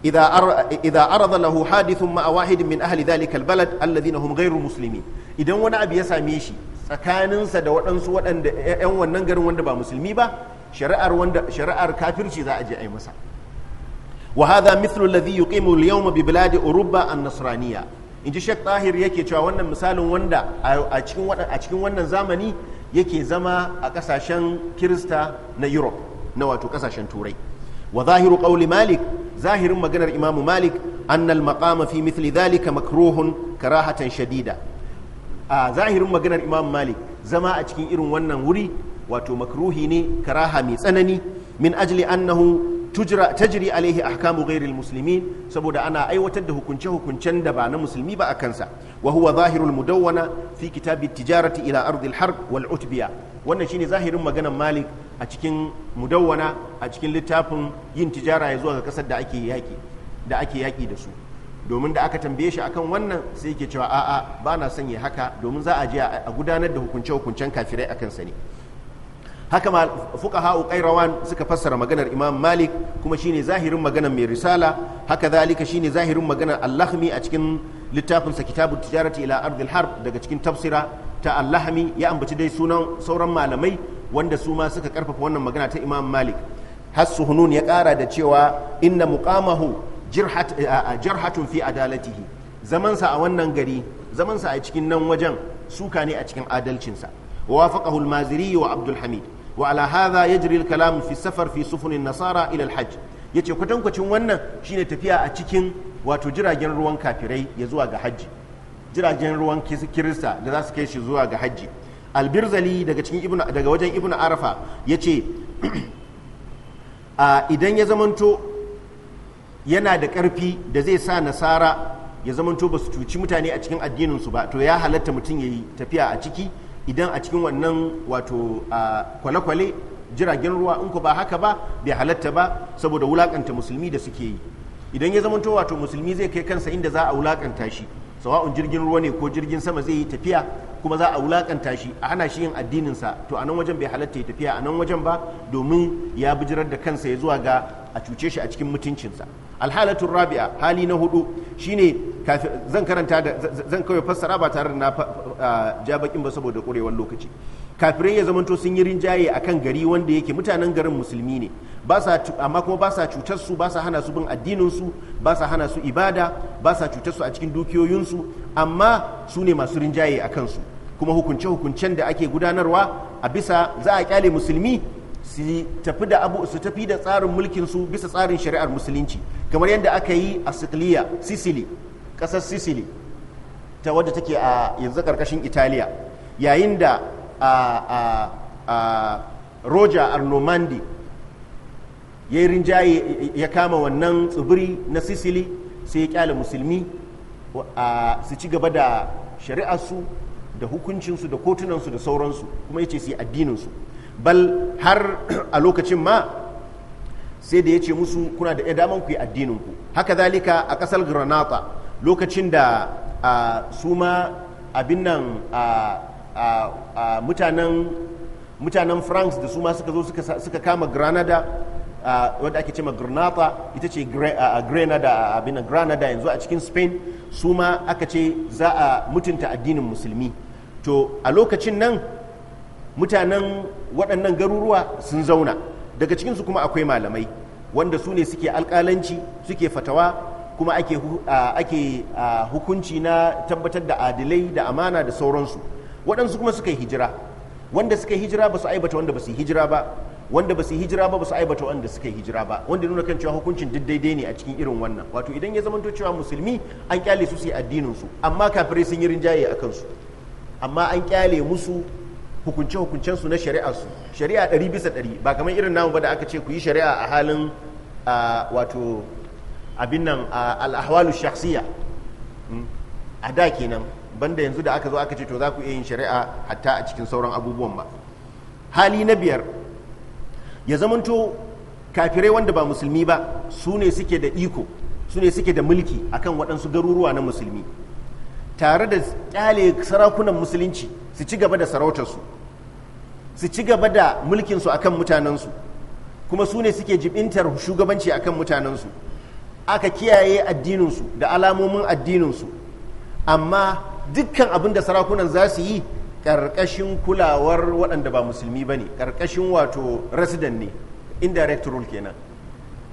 idza arada lahu hadithun ma'a wahidin min ahli dhalika albalad alladhina hum gairu musulmi idan wani abu ya same shi tsakaninsa da waɗansu waɗanda ƴan wannan garin wanda ba musulmi ba shari'ar wanda shari'ar kafirci za a je a yi masa wa hadha mithlu alladhi yuqimu al-yawma bi biladi urubba an-nasraniyya inji shak Tahir yake cewa wannan misalin wanda a cikin a cikin wannan zamani yake zama a kasashen Kirista na Europe na wato kasashen Turai wa zahiru qawli malik zahirin maganar imamu malik annal maqama fi mithli dhalika makruhun karahatan shadida a zahirin maganar imamu malik zama a cikin irin wannan wuri wato makruhi ne karaha mai tsanani min ajli annahu tujra tajri alaihi ahkamu ghairil musulmi saboda ana aiwatar da hukunce hukuncen da ba na musulmi ba a kansa wa huwa zahirul mudawwana fi kitabit tijarati ila ardil harb wal utbiya wannan shine zahirin maganan malik a cikin mudawwana a cikin littafin yin tijara ya zuwa ga kasar da ake yaƙi da ake yaƙi da su domin da aka tambaye shi akan wannan sai yake cewa a'a ba na son haka domin za a je a gudanar da hukunce hukuncen kafirai akan sa ne haka ma fuqaha uqairawan suka fassara maganar imam malik kuma shine zahirin maganar mai risala haka zalika shine zahirin maganar al a cikin littafin sa kitabut tijarati ila ardil harb daga cikin tafsira ta allahami ya ambaci dai sunan sauran malamai wanda su ma suka karfafa wannan magana ta imam malik hassu hunun ya kara da cewa inna muqamahu jarhatun fi adalatihi zamansa a wannan gari zamansa a cikin nan wajen suka ne a cikin adalcinsa wa wafaqahu al-maziri wa abdul hamid wa ala hadha yajri al-kalam fi safar fi sufun nasara ila al-hajj yace kwatankwacin wannan shine tafiya a cikin wato jiragen ruwan kafirai ya zuwa ga hajji jiragen ruwan kirista da za su kai shi zuwa ga hajji albirzali daga cikin ibnu daga wajen ibnu arafa yace idan ya zamanto yana da karfi da zai sa nasara ya zamanto ba su cuci mutane a cikin addinin su ba to ya halatta mutum ya yi tafiya a ciki idan a cikin wannan wato kwale-kwale jiragen ruwa in ku ba haka ba bai halatta ba saboda wulakanta musulmi da suke yi idan ya zamanto wato musulmi zai kai kansa inda za a wulakanta shi sawa'un jirgin ruwa ne ko jirgin sama zai yi tafiya kuma za a wulakanta shi a hana shi yin addininsa to a nan wajen bai halatta ya tafiya a nan wajen ba domin ya bijirar da kansa ya zuwa ga a cuce shi a cikin mutuncinsa alhalatun rabi'a hali na hudu shine zan karanta zan kawai fassara ba tare da na ja bakin ba saboda kurewar lokaci kafirai ya zamanto sun yi rinjaye a kan gari wanda yake mutanen garin musulmi ne amma kuma ba sa cutar su ba sa hana su bin addinin su ba sa hana su ibada ba sa cutar su a cikin dukiyoyinsu amma su ne masu rinjaye a kansu kuma hukunce hukuncen da ake gudanarwa a bisa za a kyale musulmi su tafi da abu da tsarin mulkin su bisa tsarin shari'ar musulunci kamar yadda aka yi a Sicily Sicily kasar Sicily ta wadda take a yanzu karkashin Italiya yayin da roger arnomandi ya yi rinjaye ya kama wannan tsibiri na sicily sai ya kyale musulmi su ci gaba da shari'arsu da hukuncinsu da kotunansu da sauransu kuma ya ce su addininsu bal har a lokacin ma sai da ya ce musu kuna da daman ku yi addininku haka zalika a kasar granada lokacin da su ma abin nan mutanen france da su ma suka zo suka kama granada wadda ake ce ma granada ita ce granada a abinan granada yanzu a cikin spain su ma aka ce za a mutunta addinin musulmi to a lokacin nan mutanen waɗannan garuruwa sun zauna daga cikinsu kuma akwai malamai wanda su ne suke alkalanci suke fatawa kuma ake hukunci na tabbatar da adilai da amana da sauransu waɗansu kuma suka yi hijira wanda suka yi hijira ba su aibata wanda ba su yi hijira ba wanda ba su yi hijira ba ba su aibata wanda suka yi hijira ba wanda nuna kan cewa hukuncin duk daidai ne a cikin irin wannan wato idan ya zamanto cewa musulmi an kyale su su addinin su amma kafirai sun yi rinjaye a kansu amma an kyale musu hukunce hukuncen su na shari'a su shari'a ɗari bisa ɗari ba kamar irin namu ba da aka ce ku yi shari'a a halin wato abin nan al'ahwalu shakhsiya hmm. a da kenan banda yanzu da aka zo aka ce to za ku iya yin shari'a hatta a cikin sauran abubuwan ba hali na biyar ya zamanto kafirai wanda ba musulmi ba su ne suke da iko su ne suke da mulki akan waɗansu garuruwa na musulmi tare da kyale sarakunan musulunci su ci gaba da sarautarsu su ci gaba da mulkinsu akan mutanensu kuma su ne suke jibintar shugabanci akan mutanensu aka kiyaye addininsu da alamomin addininsu amma dukkan abin da sarakunan za su yi ƙarƙashin kulawar waɗanda ba musulmi ba ne ƙarƙashin wato resident ne indirect rule kenan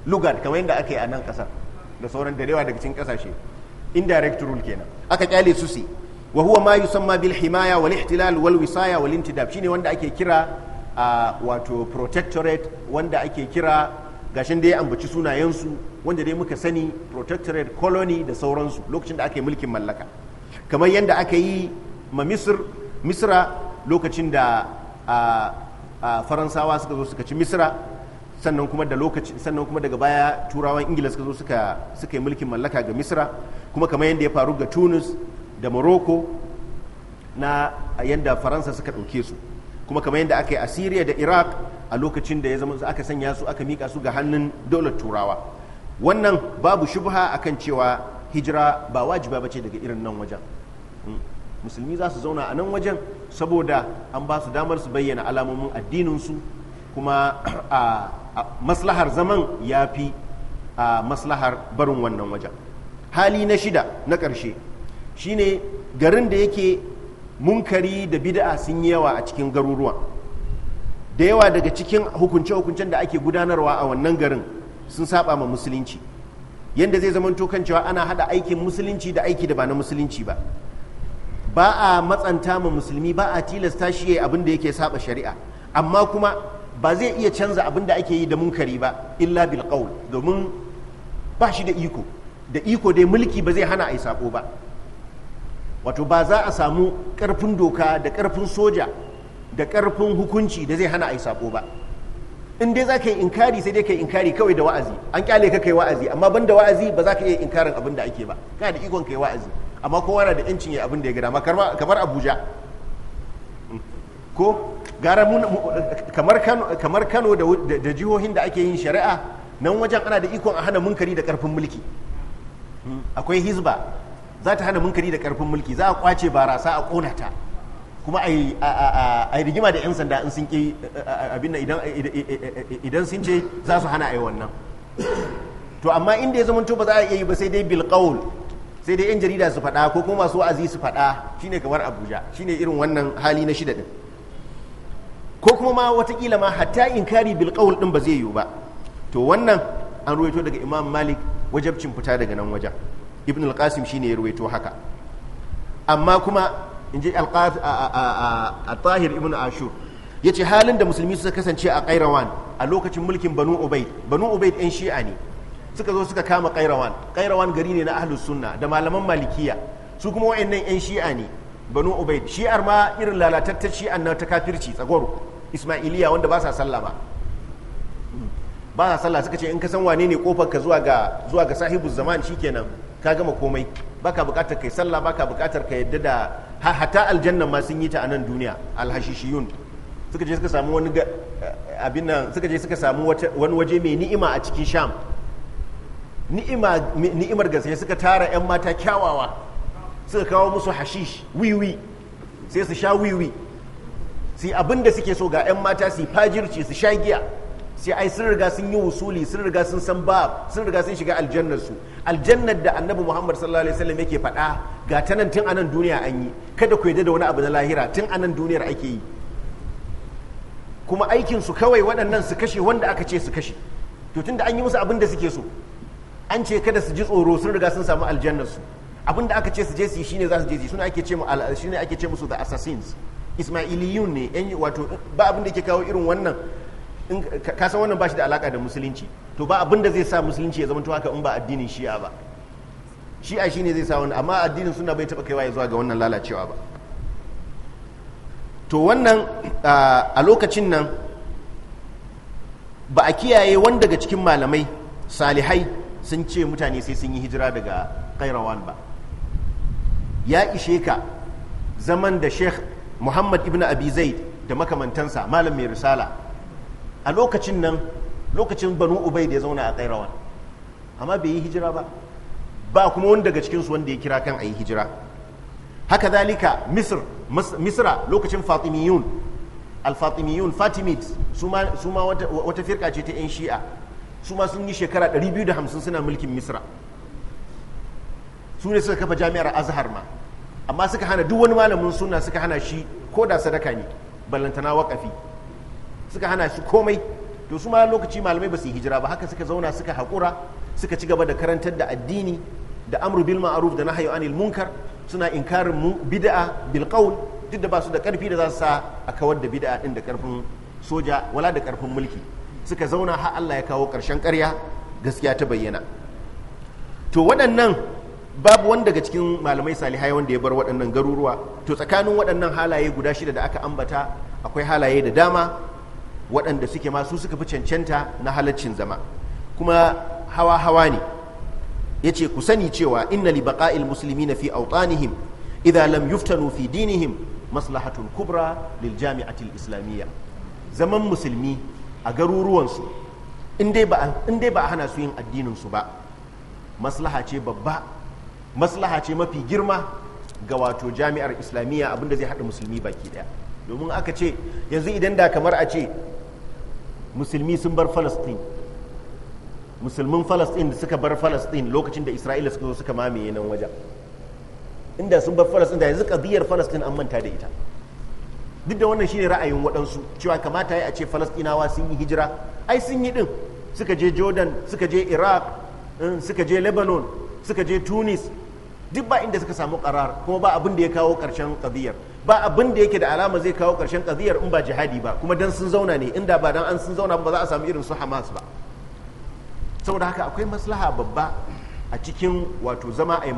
lugard kamar yadda aka yi a nan ƙasar da sauran darewa daga cikin ƙasashe indirect rule kenan aka ƙyale su sai wa huwa ma yusamma bil himaya wal ihtilal wal wisaya wal intidab shine wanda ake kira a wato protectorate wanda ake kira gashin da ya ambaci sunayensu wanda dai muka sani protectorate colony da sauransu lokacin da ake mulkin mallaka kamar yadda aka yi ma misir misra lokacin da faransawa suka zo suka ci misira sannan kuma da lokaci sannan kuma daga baya turawan ingila suka zo suka suka yi mulkin mallaka ga misira kuma kamar yadda ya faru ga tunis da morocco na yadda faransa suka ɗauke su kuma kamar yadda aka yi a syria da iraq a lokacin da ya zama aka sanya su aka mika su ga hannun daular turawa wannan babu shubha akan cewa hijira ba wajiba bace daga irin nan wajen musulmi za su zauna a nan wajen saboda an ba su damar su bayyana alamomin addininsu kuma a maslahar zaman ya fi a maslahar barin wannan wajen hali na shida na ƙarshe shine garin da yake munkari da bida'a sun yi yawa a cikin garuruwa da yawa daga cikin hukunce-hukuncen da ake gudanarwa a wannan garin sun saba ma musulunci yadda zai zama kan ana hada aikin musulunci da aiki da ba na musulunci ba ba a matsanta ma musulmi ba a tilasta shi ya abin da yake saba shari'a amma kuma ba zai iya canza abin da ake yi da munkari ba illa bil domin ba shi da iko da iko dai mulki ba zai hana a yi sako ba wato ba za a samu karfin doka da karfin soja da karfin hukunci da zai hana a yi sako ba in dai za ka yi inkari sai dai ka yi inkari kawai da wa'azi an kyale ka kai wa'azi amma ban da wa'azi ba za ka iya inkarin abin da ake ba ka da ikon kai wa'azi amma kowa na da yancin ya abin da ya gada ma kamar abuja ko gara kamar kano da jihohin da ake yin shari'a nan wajen ana da ikon a hana munkari da karfin mulki akwai hizba za ta hana munkari da karfin mulki za a kwace barasa a kona ta kuma a yi rigima da 'yan sanda in sun ke abin idan sun ce za su hana a yi wannan to amma inda ya zama to ba za a iya yi ba sai dai bilkawul sai dai yan jarida su faɗa ko kuma masu wa'azi su faɗa shine kamar abuja shine irin wannan hali na shida din ko kuma ma watakila ma hatta inkari bil qawl din ba zai yiwu ba to wannan an ruwaito daga imam malik wajabcin fita daga nan wajen ibn al-qasim shine ya ruwaito haka amma kuma in ji at tahir ibn ashur yace halin da musulmi suka kasance a kairawan a lokacin mulkin banu ubaid banu ubaid yan shi'a ne suka zo suka kama kairawan kairawan gari ne na ahlus sunna da malaman malikiya su kuma wayannan yan shi'a ne banu ubaid shi'ar ma irin lalatattar shi'an na ta kafirci tsagoro ismailiya wanda ba sa sallah ba ba sa sallah suka ce in ka san wane ne kofar ka zuwa ga zuwa ga sahibu zaman shikenan ka gama komai baka bukatar kai sallah baka bukatar ka yadda da hatta aljanna ma sun yi ta a nan duniya alhashishiyun suka je suka samu wani eh, abin nan suka je suka samu wani waje mai ni'ima a cikin sham ni'imar gaske suka tara 'yan mata kyawawa suka kawo musu hashish wiwi sai su sha wiwi sai abin da suke so ga 'yan mata su fajirci su sha giya sai ai sun riga sun yi wusuli sun riga sun san ba sun riga sun shiga aljannar su aljannar da annabi muhammad sallallahu alaihi wasallam yake faɗa ga ta nan tun anan duniya an yi kada ku yadda da wani abu na lahira tun anan duniyar ake yi kuma aikin su kawai waɗannan su kashe wanda aka ce su kashe to tunda an yi musu abin da suke so an ce kada su ji tsoro sun riga sun samu aljannar su abin da aka ce su je su yi shine za su je su ake ce mu shine ake ce musu the assassins ismailiyun ne yan wato ba abin da yake kawo irin wannan in ka san wannan bashi da alaka da musulunci to ba abin da zai sa musulunci ya zama to haka in ba addinin shi'a ba shi'a shine zai sa wannan amma addinin suna bai taba kaiwa ya zuwa ga wannan lalacewa ba to wannan a lokacin nan ba a kiyaye wani daga cikin malamai salihai sun ce mutane sai sun yi hijira daga kairawan ba ya ishe ka zaman da sheikh muhammad ibn abi zaid da makamantansa malam mai risala a lokacin nan lokacin banu ubai da ya zauna a kairawan amma bai yi hijira ba ba kuma wani daga cikinsu wanda ya kira kan a yi hijira haka zalika misr misra lokacin fatimiyun al-fatimiyun fatimid su ma wata firka ce ta 'yan shi'a su ma sun yi shekara 250 suna mulkin misra su ne suka kafa jami'ar azhar ma amma suka hana duk wani malamin suna suka hana shi ko da sadaka ne ballantana wakafi suka hana shi komai to su ma lokaci malamai ba su hijira ba haka suka zauna suka haƙura suka ci gaba da karantar da addini da amru bil ma'ruf da nahyu anil munkar suna inkarin bid'a bil qawl duk da ba su da karfi da za su sa a kawar da bid'a din da karfin soja wala da karfin mulki suka zauna har Allah ya kawo ƙarshen ƙarya gaskiya ta bayyana to waɗannan babu wani daga cikin malamai salihai wanda ya bar waɗannan garuruwa to tsakanin waɗannan halaye guda shida da aka ambata akwai halaye da dama waɗanda suke masu suka fi cancanta na halaccin zama kuma hawa hawa ne ya ce ku sani cewa inna li baqa'il muslimina fi awtanihim idza lam yuftanu fi dinihim maslahatun kubra lil jami'atil islamiyya zaman musulmi a garuruwansu in dai ba a hana su yin addininsu ba maslaha ce babba maslaha ce mafi girma ga wato jami'ar islamiyya abinda zai haɗa musulmi baki ɗaya domin aka ce yanzu idan da kamar a ce musulmi sun bar falastin musulmin falastin da suka bar falastin lokacin da isra'ila suka zo suka mamaye nan wajen inda sun bar falastin da yanzu ƙabiyar falastin an manta da ita duk da wannan shine ra'ayin waɗansu cewa kamata ya a ce falastinawa sun yi hijira ai sun yi ɗin suka je jordan suka je iraq mm, suka je lebanon suka je tunis duk ba inda suka samu karar kuma ba abin da ya kawo ƙarshen ƙaziyar ba abin da yake da alama zai kawo karshen ƙaziyar in ba jihadi ba kuma dan sun zauna ne inda ba dan an sun zauna ba za a samu irin su hamas ba saboda haka akwai maslaha babba a cikin wato zama a yi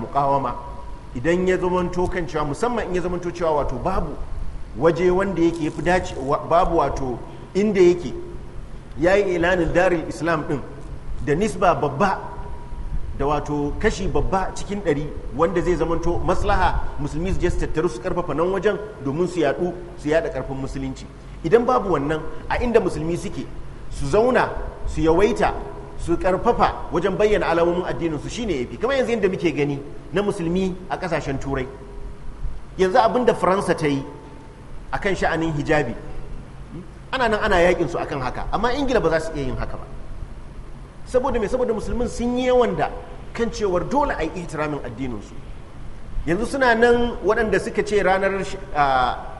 idan ya zamanto kan cewa musamman in ya zamanto cewa wato babu waje wanda yake fi dace babu wato inda yake ya yi ilanin daril islam din da nisba babba da wato kashi babba cikin ɗari wanda zai zamanto maslaha musulmi su je su tattaru su karfafa nan wajen domin su yadu su yada karfin musulunci idan babu wannan a inda musulmi suke su zauna su yawaita su karfafa wajen bayyana alamomin addinin su shine yafi kamar yanzu yadda muke gani na musulmi a ƙasashen turai yanzu abin da faransa ta yi akan sha'anin hijabi ana nan ana yakin su akan haka amma ingila ba za su iya yin haka ba saboda me saboda musulmin sun yi yawan da kan cewar dole a yi ihtiramin addinin su yanzu suna nan waɗanda suka ce ranar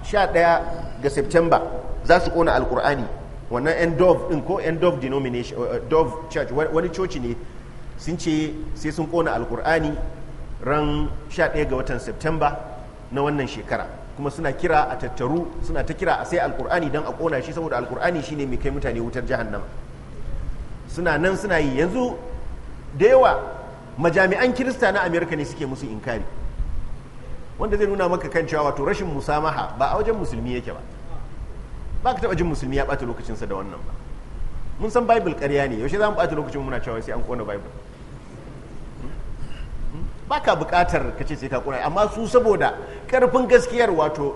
11 ga september za su kona alkur'ani wannan end of din ko end of denomination eh, dove church wani coci ne sun ce sai sun kona alkur'ani ran 11 ga watan september na wannan shekara kuma suna kira a tattaru suna ta kira a sai alkur'ani don a kona shi saboda alkur'ani shine mai kai mutane wutar jahannama suna nan suna yi yanzu da yawa majami'an kirista na amerika ne suke musu inkari wanda zai nuna maka kan cewa wato rashin musamaha ba a wajen musulmi yake ba ba ka taba jin musulmi ya bata lokacinsa da wannan ba mun san bible karya ne yaushe za mu bata lokacin muna cewa sai an kona bible ba ka buƙatar ka ce sai ka kura amma su saboda ƙarfin gaskiyar wato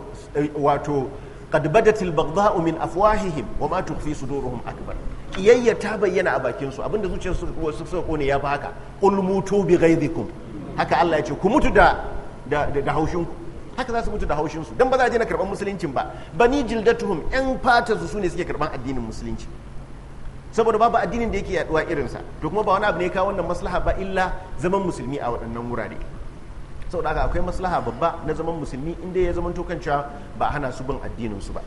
wato qad badatil baghdha'u min afwahihim wa ma tukfi suduruhum akbar kiyayya ta bayyana a bakin su abinda zuciyar su su kone ya fa haka qul mutu bi ghaizikum haka Allah ya ce ku mutu da da da haushin ku haka za su mutu da haushin su dan ba za a je na karban musulunci ba bani jildatuhum yan fata su ne suke karban addinin musulunci saboda babu addinin da yake yaduwa irinsa to kuma ba wani abu ne ka wannan maslaha ba illa zaman musulmi a waɗannan wurare saboda haka akwai maslaha babba na zaman musulmi inda ya zaman tokancewa ba a hana su bin addinin su ba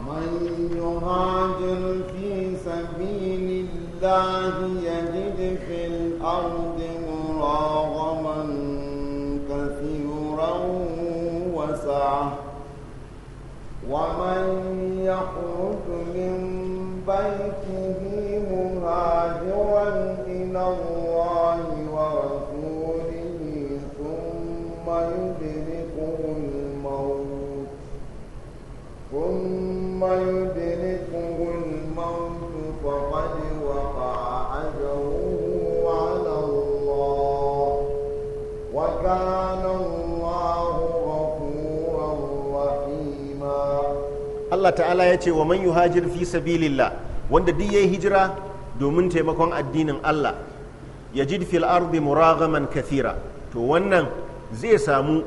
ومن يهاجر في سبيل الله يجد في الأرض مراغما كثيرا وسعه ومن يخرج من بيته مهاجرا إلى الله ورسوله ثم يدركه الموت ثم يدركه الموت فقد وقع أجره Allah ta'ala ya ce wa man yuhajir fi sabilillah wanda duk yayi hijira domin taimakon addinin Allah yajid fil ardi muragaman kathira to wannan zai samu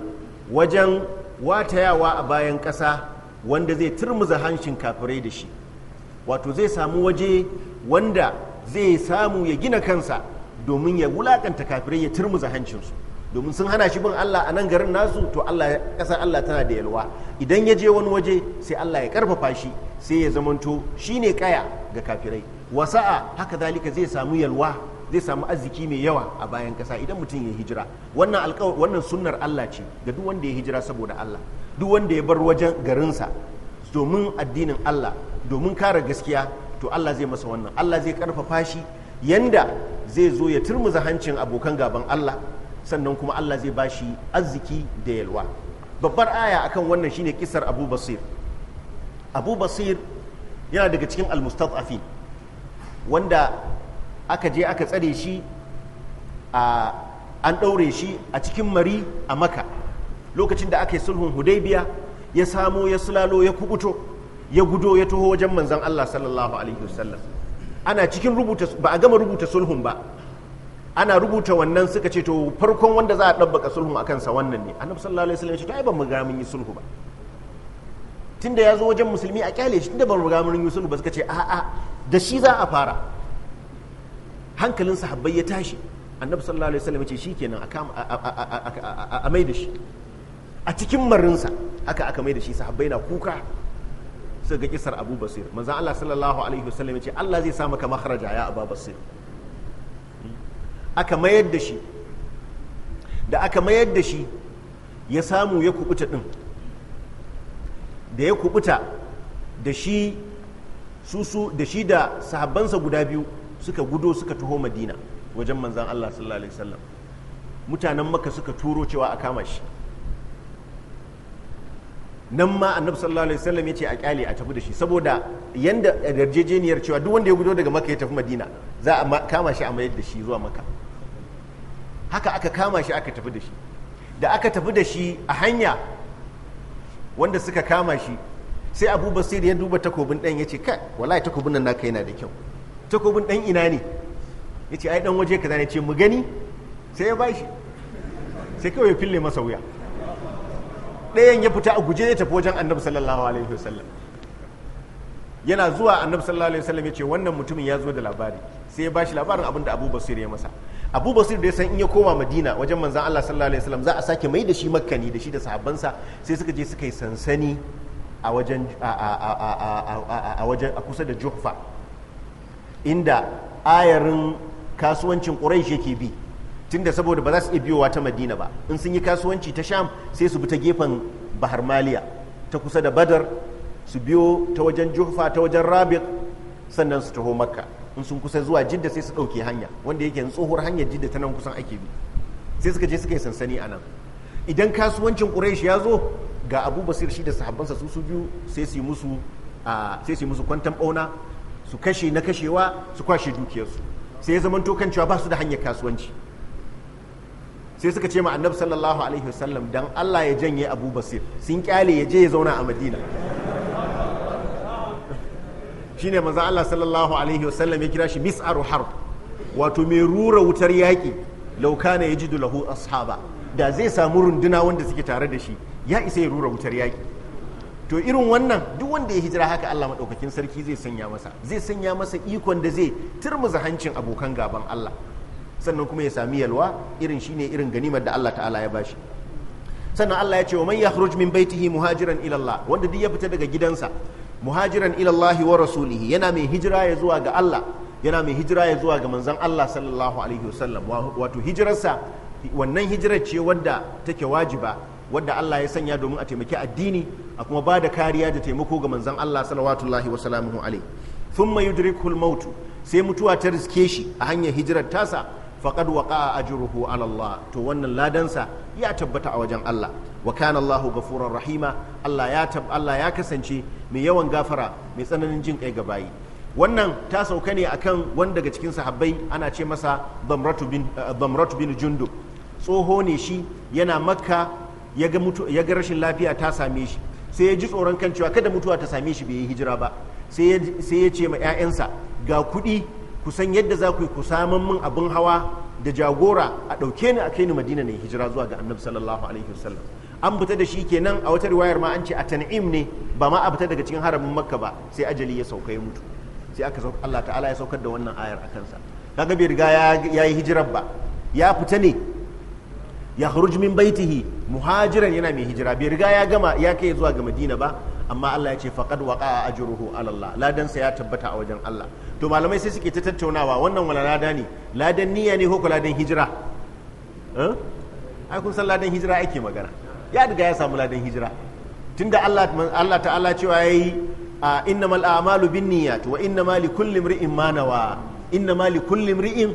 wajen watayawa a bayan ƙasa wanda zai turmuza hanshin kafirai da shi wato zai samu waje wanda zai samu ya gina kansa domin ya wulakanta kafirai ya turmuza hancinsu domin sun hana shi bin Allah a nan garin nasu to Allah ƙasar Allah tana da yalwa idan ya je wani waje sai Allah ya karfafa shi sai ya zamanto shi ne kaya ga kafirai wasa'a haka zalika zai samu yalwa zai samu arziki mai yawa a bayan kasa idan mutum ya hijira wannan wannan sunnar Allah ce ga duk wanda ya hijira saboda Allah duk wanda ya bar wajen garinsa domin addinin Allah domin kare gaskiya to Allah zai masa wannan Allah zai karfafa shi yanda zai zo ya turmuza hancin abokan gaban Allah sannan kuma Allah zai ba shi arziki da yalwa babbar aya akan wannan shine kisar Abu Basir Abu Basir yana daga cikin almustad'afin wanda aka je aka tsare shi a an ɗaure shi a cikin mari a maka lokacin da aka yi sulhun Hudaibiya ya samo ya sulalo ya kubuto ya gudo ya taho wajen manzan Allah sallallahu alaihi wasallam ana cikin rubuta ba a gama rubuta sulhun ba ana rubuta wannan suka ce to farkon wanda za a ɗabbaka sulhun a kansa wannan ne annabi sallallahu alaihi wasallam ya ce to ai ban mu mun yi sulhu ba tunda ya zo wajen musulmi a kyale shi tunda ban mu mun yi sulhu ba suka ce a a da shi za a fara hankalin sahabbai ya tashi annabi sallallahu alaihi wasallam ya ce shikenan a a mai da shi a cikin marinsa aka aka mai da shi sahabbai na kuka suka ga kisar Abu Basir manzon Allah sallallahu alaihi wasallam ya ce Allah zai sa maka makharaja ya Abu Basir aka mayar da shi da aka mayar da shi ya samu ya kubuta ɗin da ya kubuta da shi susu da shi da sahabbansa guda biyu suka gudo suka taho madina wajen manzan allah sallallahu alaihi wasallam mutanen maka suka turo cewa a kama shi nan ma annabi sallallahu alaihi wasallam ya ce a kyale a tafi da shi saboda yanda yarjejeniyar cewa duk wanda ya gudo daga maka ya tafi madina za a kama shi a mayar da shi zuwa maka haka aka kama shi aka tafi da shi da aka tafi da shi a hanya wanda suka kama shi sai abu basir ya duba takobin ɗan ya ce kai wallahi takobin nan naka yana da kyau takobin ɗan ina ne ya ce ai ɗan waje kaza ne ce mu gani sai ya bashi sai kawai ya fille masa wuya ɗayan ya fita a guje ya tafi wajen annabi sallallahu alaihi wasallam yana zuwa annabi sallallahu alaihi wasallam ya ce wannan mutumin ya zo da labari sai ya bashi labarin abin da abu basir ya masa abu basir da ya san in ya koma madina wajen manzan allah sallallahu alaihi wasallam za a sake mai da shi makkani da shi da sahabbansa sai suka je suka yi sansani a wajen a wajen a kusa da juhfa inda ayarin kasuwancin quraish yake bi tunda saboda ba za su iya biyowa ta madina ba in sun yi kasuwanci ta sham sai su bi ta gefen bahar maliya ta kusa da badar su biyo ta wajen juhfa ta wajen rabiq sannan su taho makka in sun kusa zuwa jidda sai su ɗauke hanya wanda yake tsohuwar hanyar jidda ta nan kusan ake bi sai suka je suka yi sansani a nan idan kasuwancin quraish ya zo ga abu basir shi da sahabbansa su su biyu sai su yi musu sai su musu kwantan bauna su kashe na kashewa su kwashe dukiyarsu sai ya zamanto kan cewa ba su da hanyar kasuwanci sai suka ce ma annabi sallallahu alaihi wasallam dan Allah ya janye Abu Basir sun kyale ya je ya zauna a Madina shine maza Allah sallallahu alaihi wasallam ya kira shi mis'aru harb wato mai rura wutar yaƙi laukana ya jidu lahu ashaba da zai samu runduna wanda suke tare da shi ya isa ya rura wutar yaki to irin wannan duk wanda ya hijira haka Allah madaukakin sarki zai sanya masa zai sanya masa ikon da zai turmuza hancin abokan gaban Allah sannan kuma ya sami yalwa irin shine irin ganimar da Allah ta'ala ya bashi sannan Allah ya ce wa man yakhruj min baitihi muhajiran ila Allah wanda duk ya fita daga gidansa muhajiran ilallahi wa rasulihi yana mai hijira ya zuwa ga Allah yana mai hijira ya zuwa ga manzon Allah sallallahu alaihi wasallam wato hijirarsa wannan hijirar ce wadda take wajiba wadda Allah ya sanya domin a taimaki addini a kuma ba da kariya da taimako ga manzon Allah sallallahu wa sallamu alaihi thumma sai mutuwa ta riske shi a hanyar hijirar tasa faqad waqa'a ajruhu ala Allah to wannan ladansa ya tabbata a wajen Allah wa kana Allahu gafuran rahima Allah ya ya kasance mai yawan gafara mai tsananin jin kai ga bayi wannan ta sauka ne a kan wanda daga cikin sahabbai ana ce masa Damratu bin eh, tsoho ne shi yana makka ya ga rashin lafiya ta same shi sai ya ji tsoron kan cewa kada mutuwa ta same shi bai yi hijira ba sai ya ce ma 'ya'yansa ga kuɗi san yadda za ku yi min abin hawa da jagora a ɗauke ni a kai ni madina ne hijira zuwa ga annabi sallallahu alaihi wasallam an fita da shi kenan a wata riwayar ma an ce a tan'im ne ba ma a fita daga cikin haramin makka ba sai ajali ya sauka ya mutu sai aka sauka Allah ta'ala ya saukar da wannan ayar a kansa kaga bai riga ya yi hijirar ba ya fita ne ya kharuj min baitihi muhajiran yana mai hijira bai riga ya gama ya kai zuwa ga madina ba amma Allah ya ce faqad waqa'a ajruhu ala Allah ladan sa ya tabbata a wajen Allah to malamai sai suke ta tattaunawa wannan wala lada ne ladan niyya ne ko ladan hijira eh ai kun san ladan hijira ake magana ya riga ya samu ladan hijira tunda Allah Allah ta'ala cewa yayi innamal a'malu binniyat wa innamal likulli imri'in ma nawa innamal mali imri'in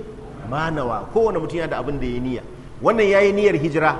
ma nawa kowane mutum yana da abin da ya niyya wannan yayi niyyar hijira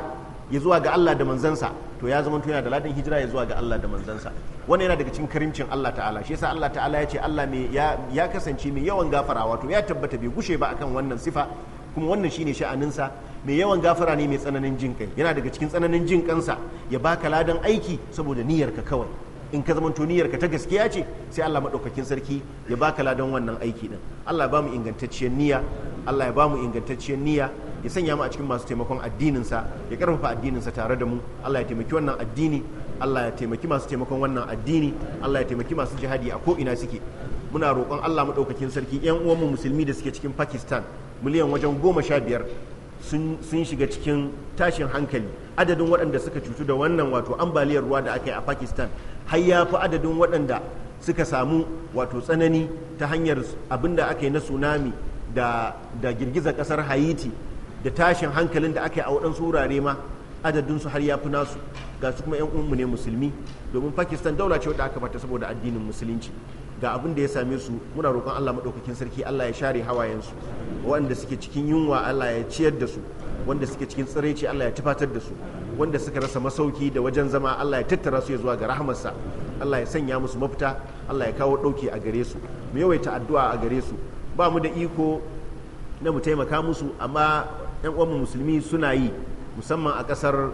ya zuwa ga Allah da manzansa to ya zama yana da ladan hijira ya zuwa ga Allah da manzansa wannan yana daga cikin karimcin Allah ta'ala shi yasa Allah ta'ala ya ce Allah mai ya kasance mai yawan gafarawa to ya tabbata bai gushe ba akan wannan sifa kuma wannan shine sha'aninsa mai yawan gafara ne mai tsananin jin kai yana daga cikin tsananin jin kansa ya baka ladan aiki saboda niyyarka kawai in ka zamanto ka ta gaskiya ce sai Allah madaukakin sarki ya baka ladan wannan aiki din Allah ya bamu ingantacciyar niyya Allah ya bamu ingantacciyar niyya ya sanya mu a cikin masu taimakon sa ya karfafa addinin sa tare da mu Allah ya taimaki wannan addini Allah ya taimaki masu taimakon wannan addini Allah ya taimaki masu jihadi a ko ina suke muna roƙon Allah maɗaukakin sarki 'yan mu musulmi da suke cikin Pakistan miliyan wajen goma sha biyar sun shiga cikin tashin hankali adadin waɗanda suka cutu da wannan wato ambaliyar ruwa da aka yi a pakistan har ya fi adadin waɗanda suka samu wato tsanani ta hanyar abinda aka yi na tsunami da, da girgizar ƙasar haiti da tashin hankalin da aka yi a waɗansu wurare ma adadinsu har ya fi nasu ga su kuma 'yan uwanmu ne musulmi domin pakistan daula ce wadda aka bata saboda addinin musulunci ga abin da ya same su muna roƙon Allah maɗaukakin sarki Allah ya share hawayensu wanda suke cikin yunwa Allah ya ciyar da su wanda suke cikin tsiraici Allah ya tufatar da su wanda suka rasa masauki da wajen zama Allah ya tattara su ya zuwa ga rahamarsa Allah ya sanya musu mafita Allah ya kawo ɗauki a gare su mu yawaita addu'a a gare su ba mu da iko na mu taimaka musu amma ɗan uwanmu musulmi suna yi musamman a ƙasar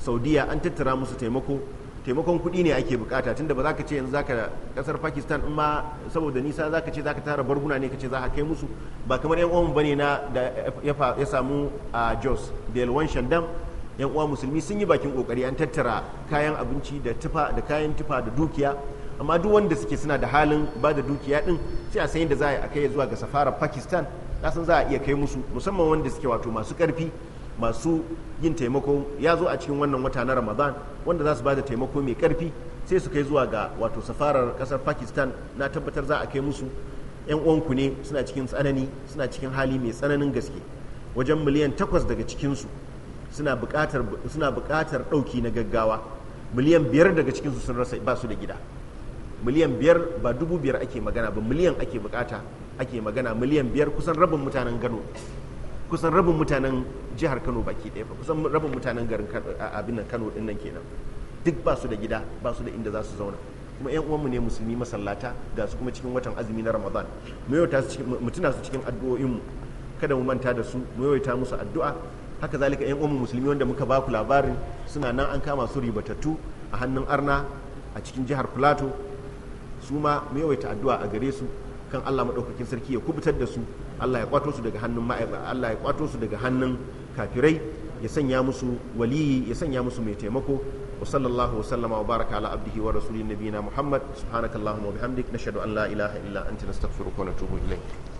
saudiya an tattara musu taimako taimakon kuɗi ne ake bukata tunda ba za ka ce yanzu za ka kasar pakistan in ma saboda nisa za ka ce za ka tara barguna ne ka ce za ka kai musu ba kamar yan uwan bane na da ya samu a jos da yalwan shandam yan uwa musulmi sun yi bakin kokari an tattara kayan abinci da tufa da kayan tufa da dukiya amma duk wanda suke suna da halin ba da dukiya din sai a sayin da za a kai zuwa ga safarar pakistan asan za a iya kai musu musamman wanda suke wato masu karfi masu yin taimako ya zo a cikin wannan wata na ramadan wanda za su ba da taimako mai karfi sai su kai zuwa ga wato safarar kasar pakistan na tabbatar za a kai musu yan uwanku ne suna cikin tsanani suna cikin hali mai tsananin gaske wajen miliyan takwas daga cikinsu suna buƙatar suna ɗauki na gaggawa miliyan biyar daga cikinsu sun rasa ba su da gida miliyan biyar ba dubu biyar ake magana ba miliyan ake bukata ake magana miliyan biyar kusan rabin mutanen gano kusan rabin mutanen jihar kano baki ɗaya ba. kusan rabin mutanen garin abin nan kano ɗin nan kenan duk ba su da gida ba su da inda za su zauna kuma yan uwanmu ne musulmi masallata ga su kuma cikin watan azumi na ramadan mu yawaita su mutuna su cikin addu'o'inmu kada mu manta da su mu yawaita musu addu'a haka zalika yan uwanmu musulmi wanda muka ba ku labarin suna nan an kama su ribatattu a hannun arna a cikin jihar plateau su ma mu yawaita addu'a a gare su kan allah maɗaukakin sarki ya kubutar da su Allah ya kwato su daga hannun Allah ya kwato su daga hannun kafirai ya sanya musu waliyi ya sanya musu mai taimako wa sallallahu wa sallama wa baraka ala abdihi wa rasulin nabiyina Muhammad subhanakallahumma wa bihamdik nashhadu an la ilaha illa anta nastaghfiruka wa natubu ilayk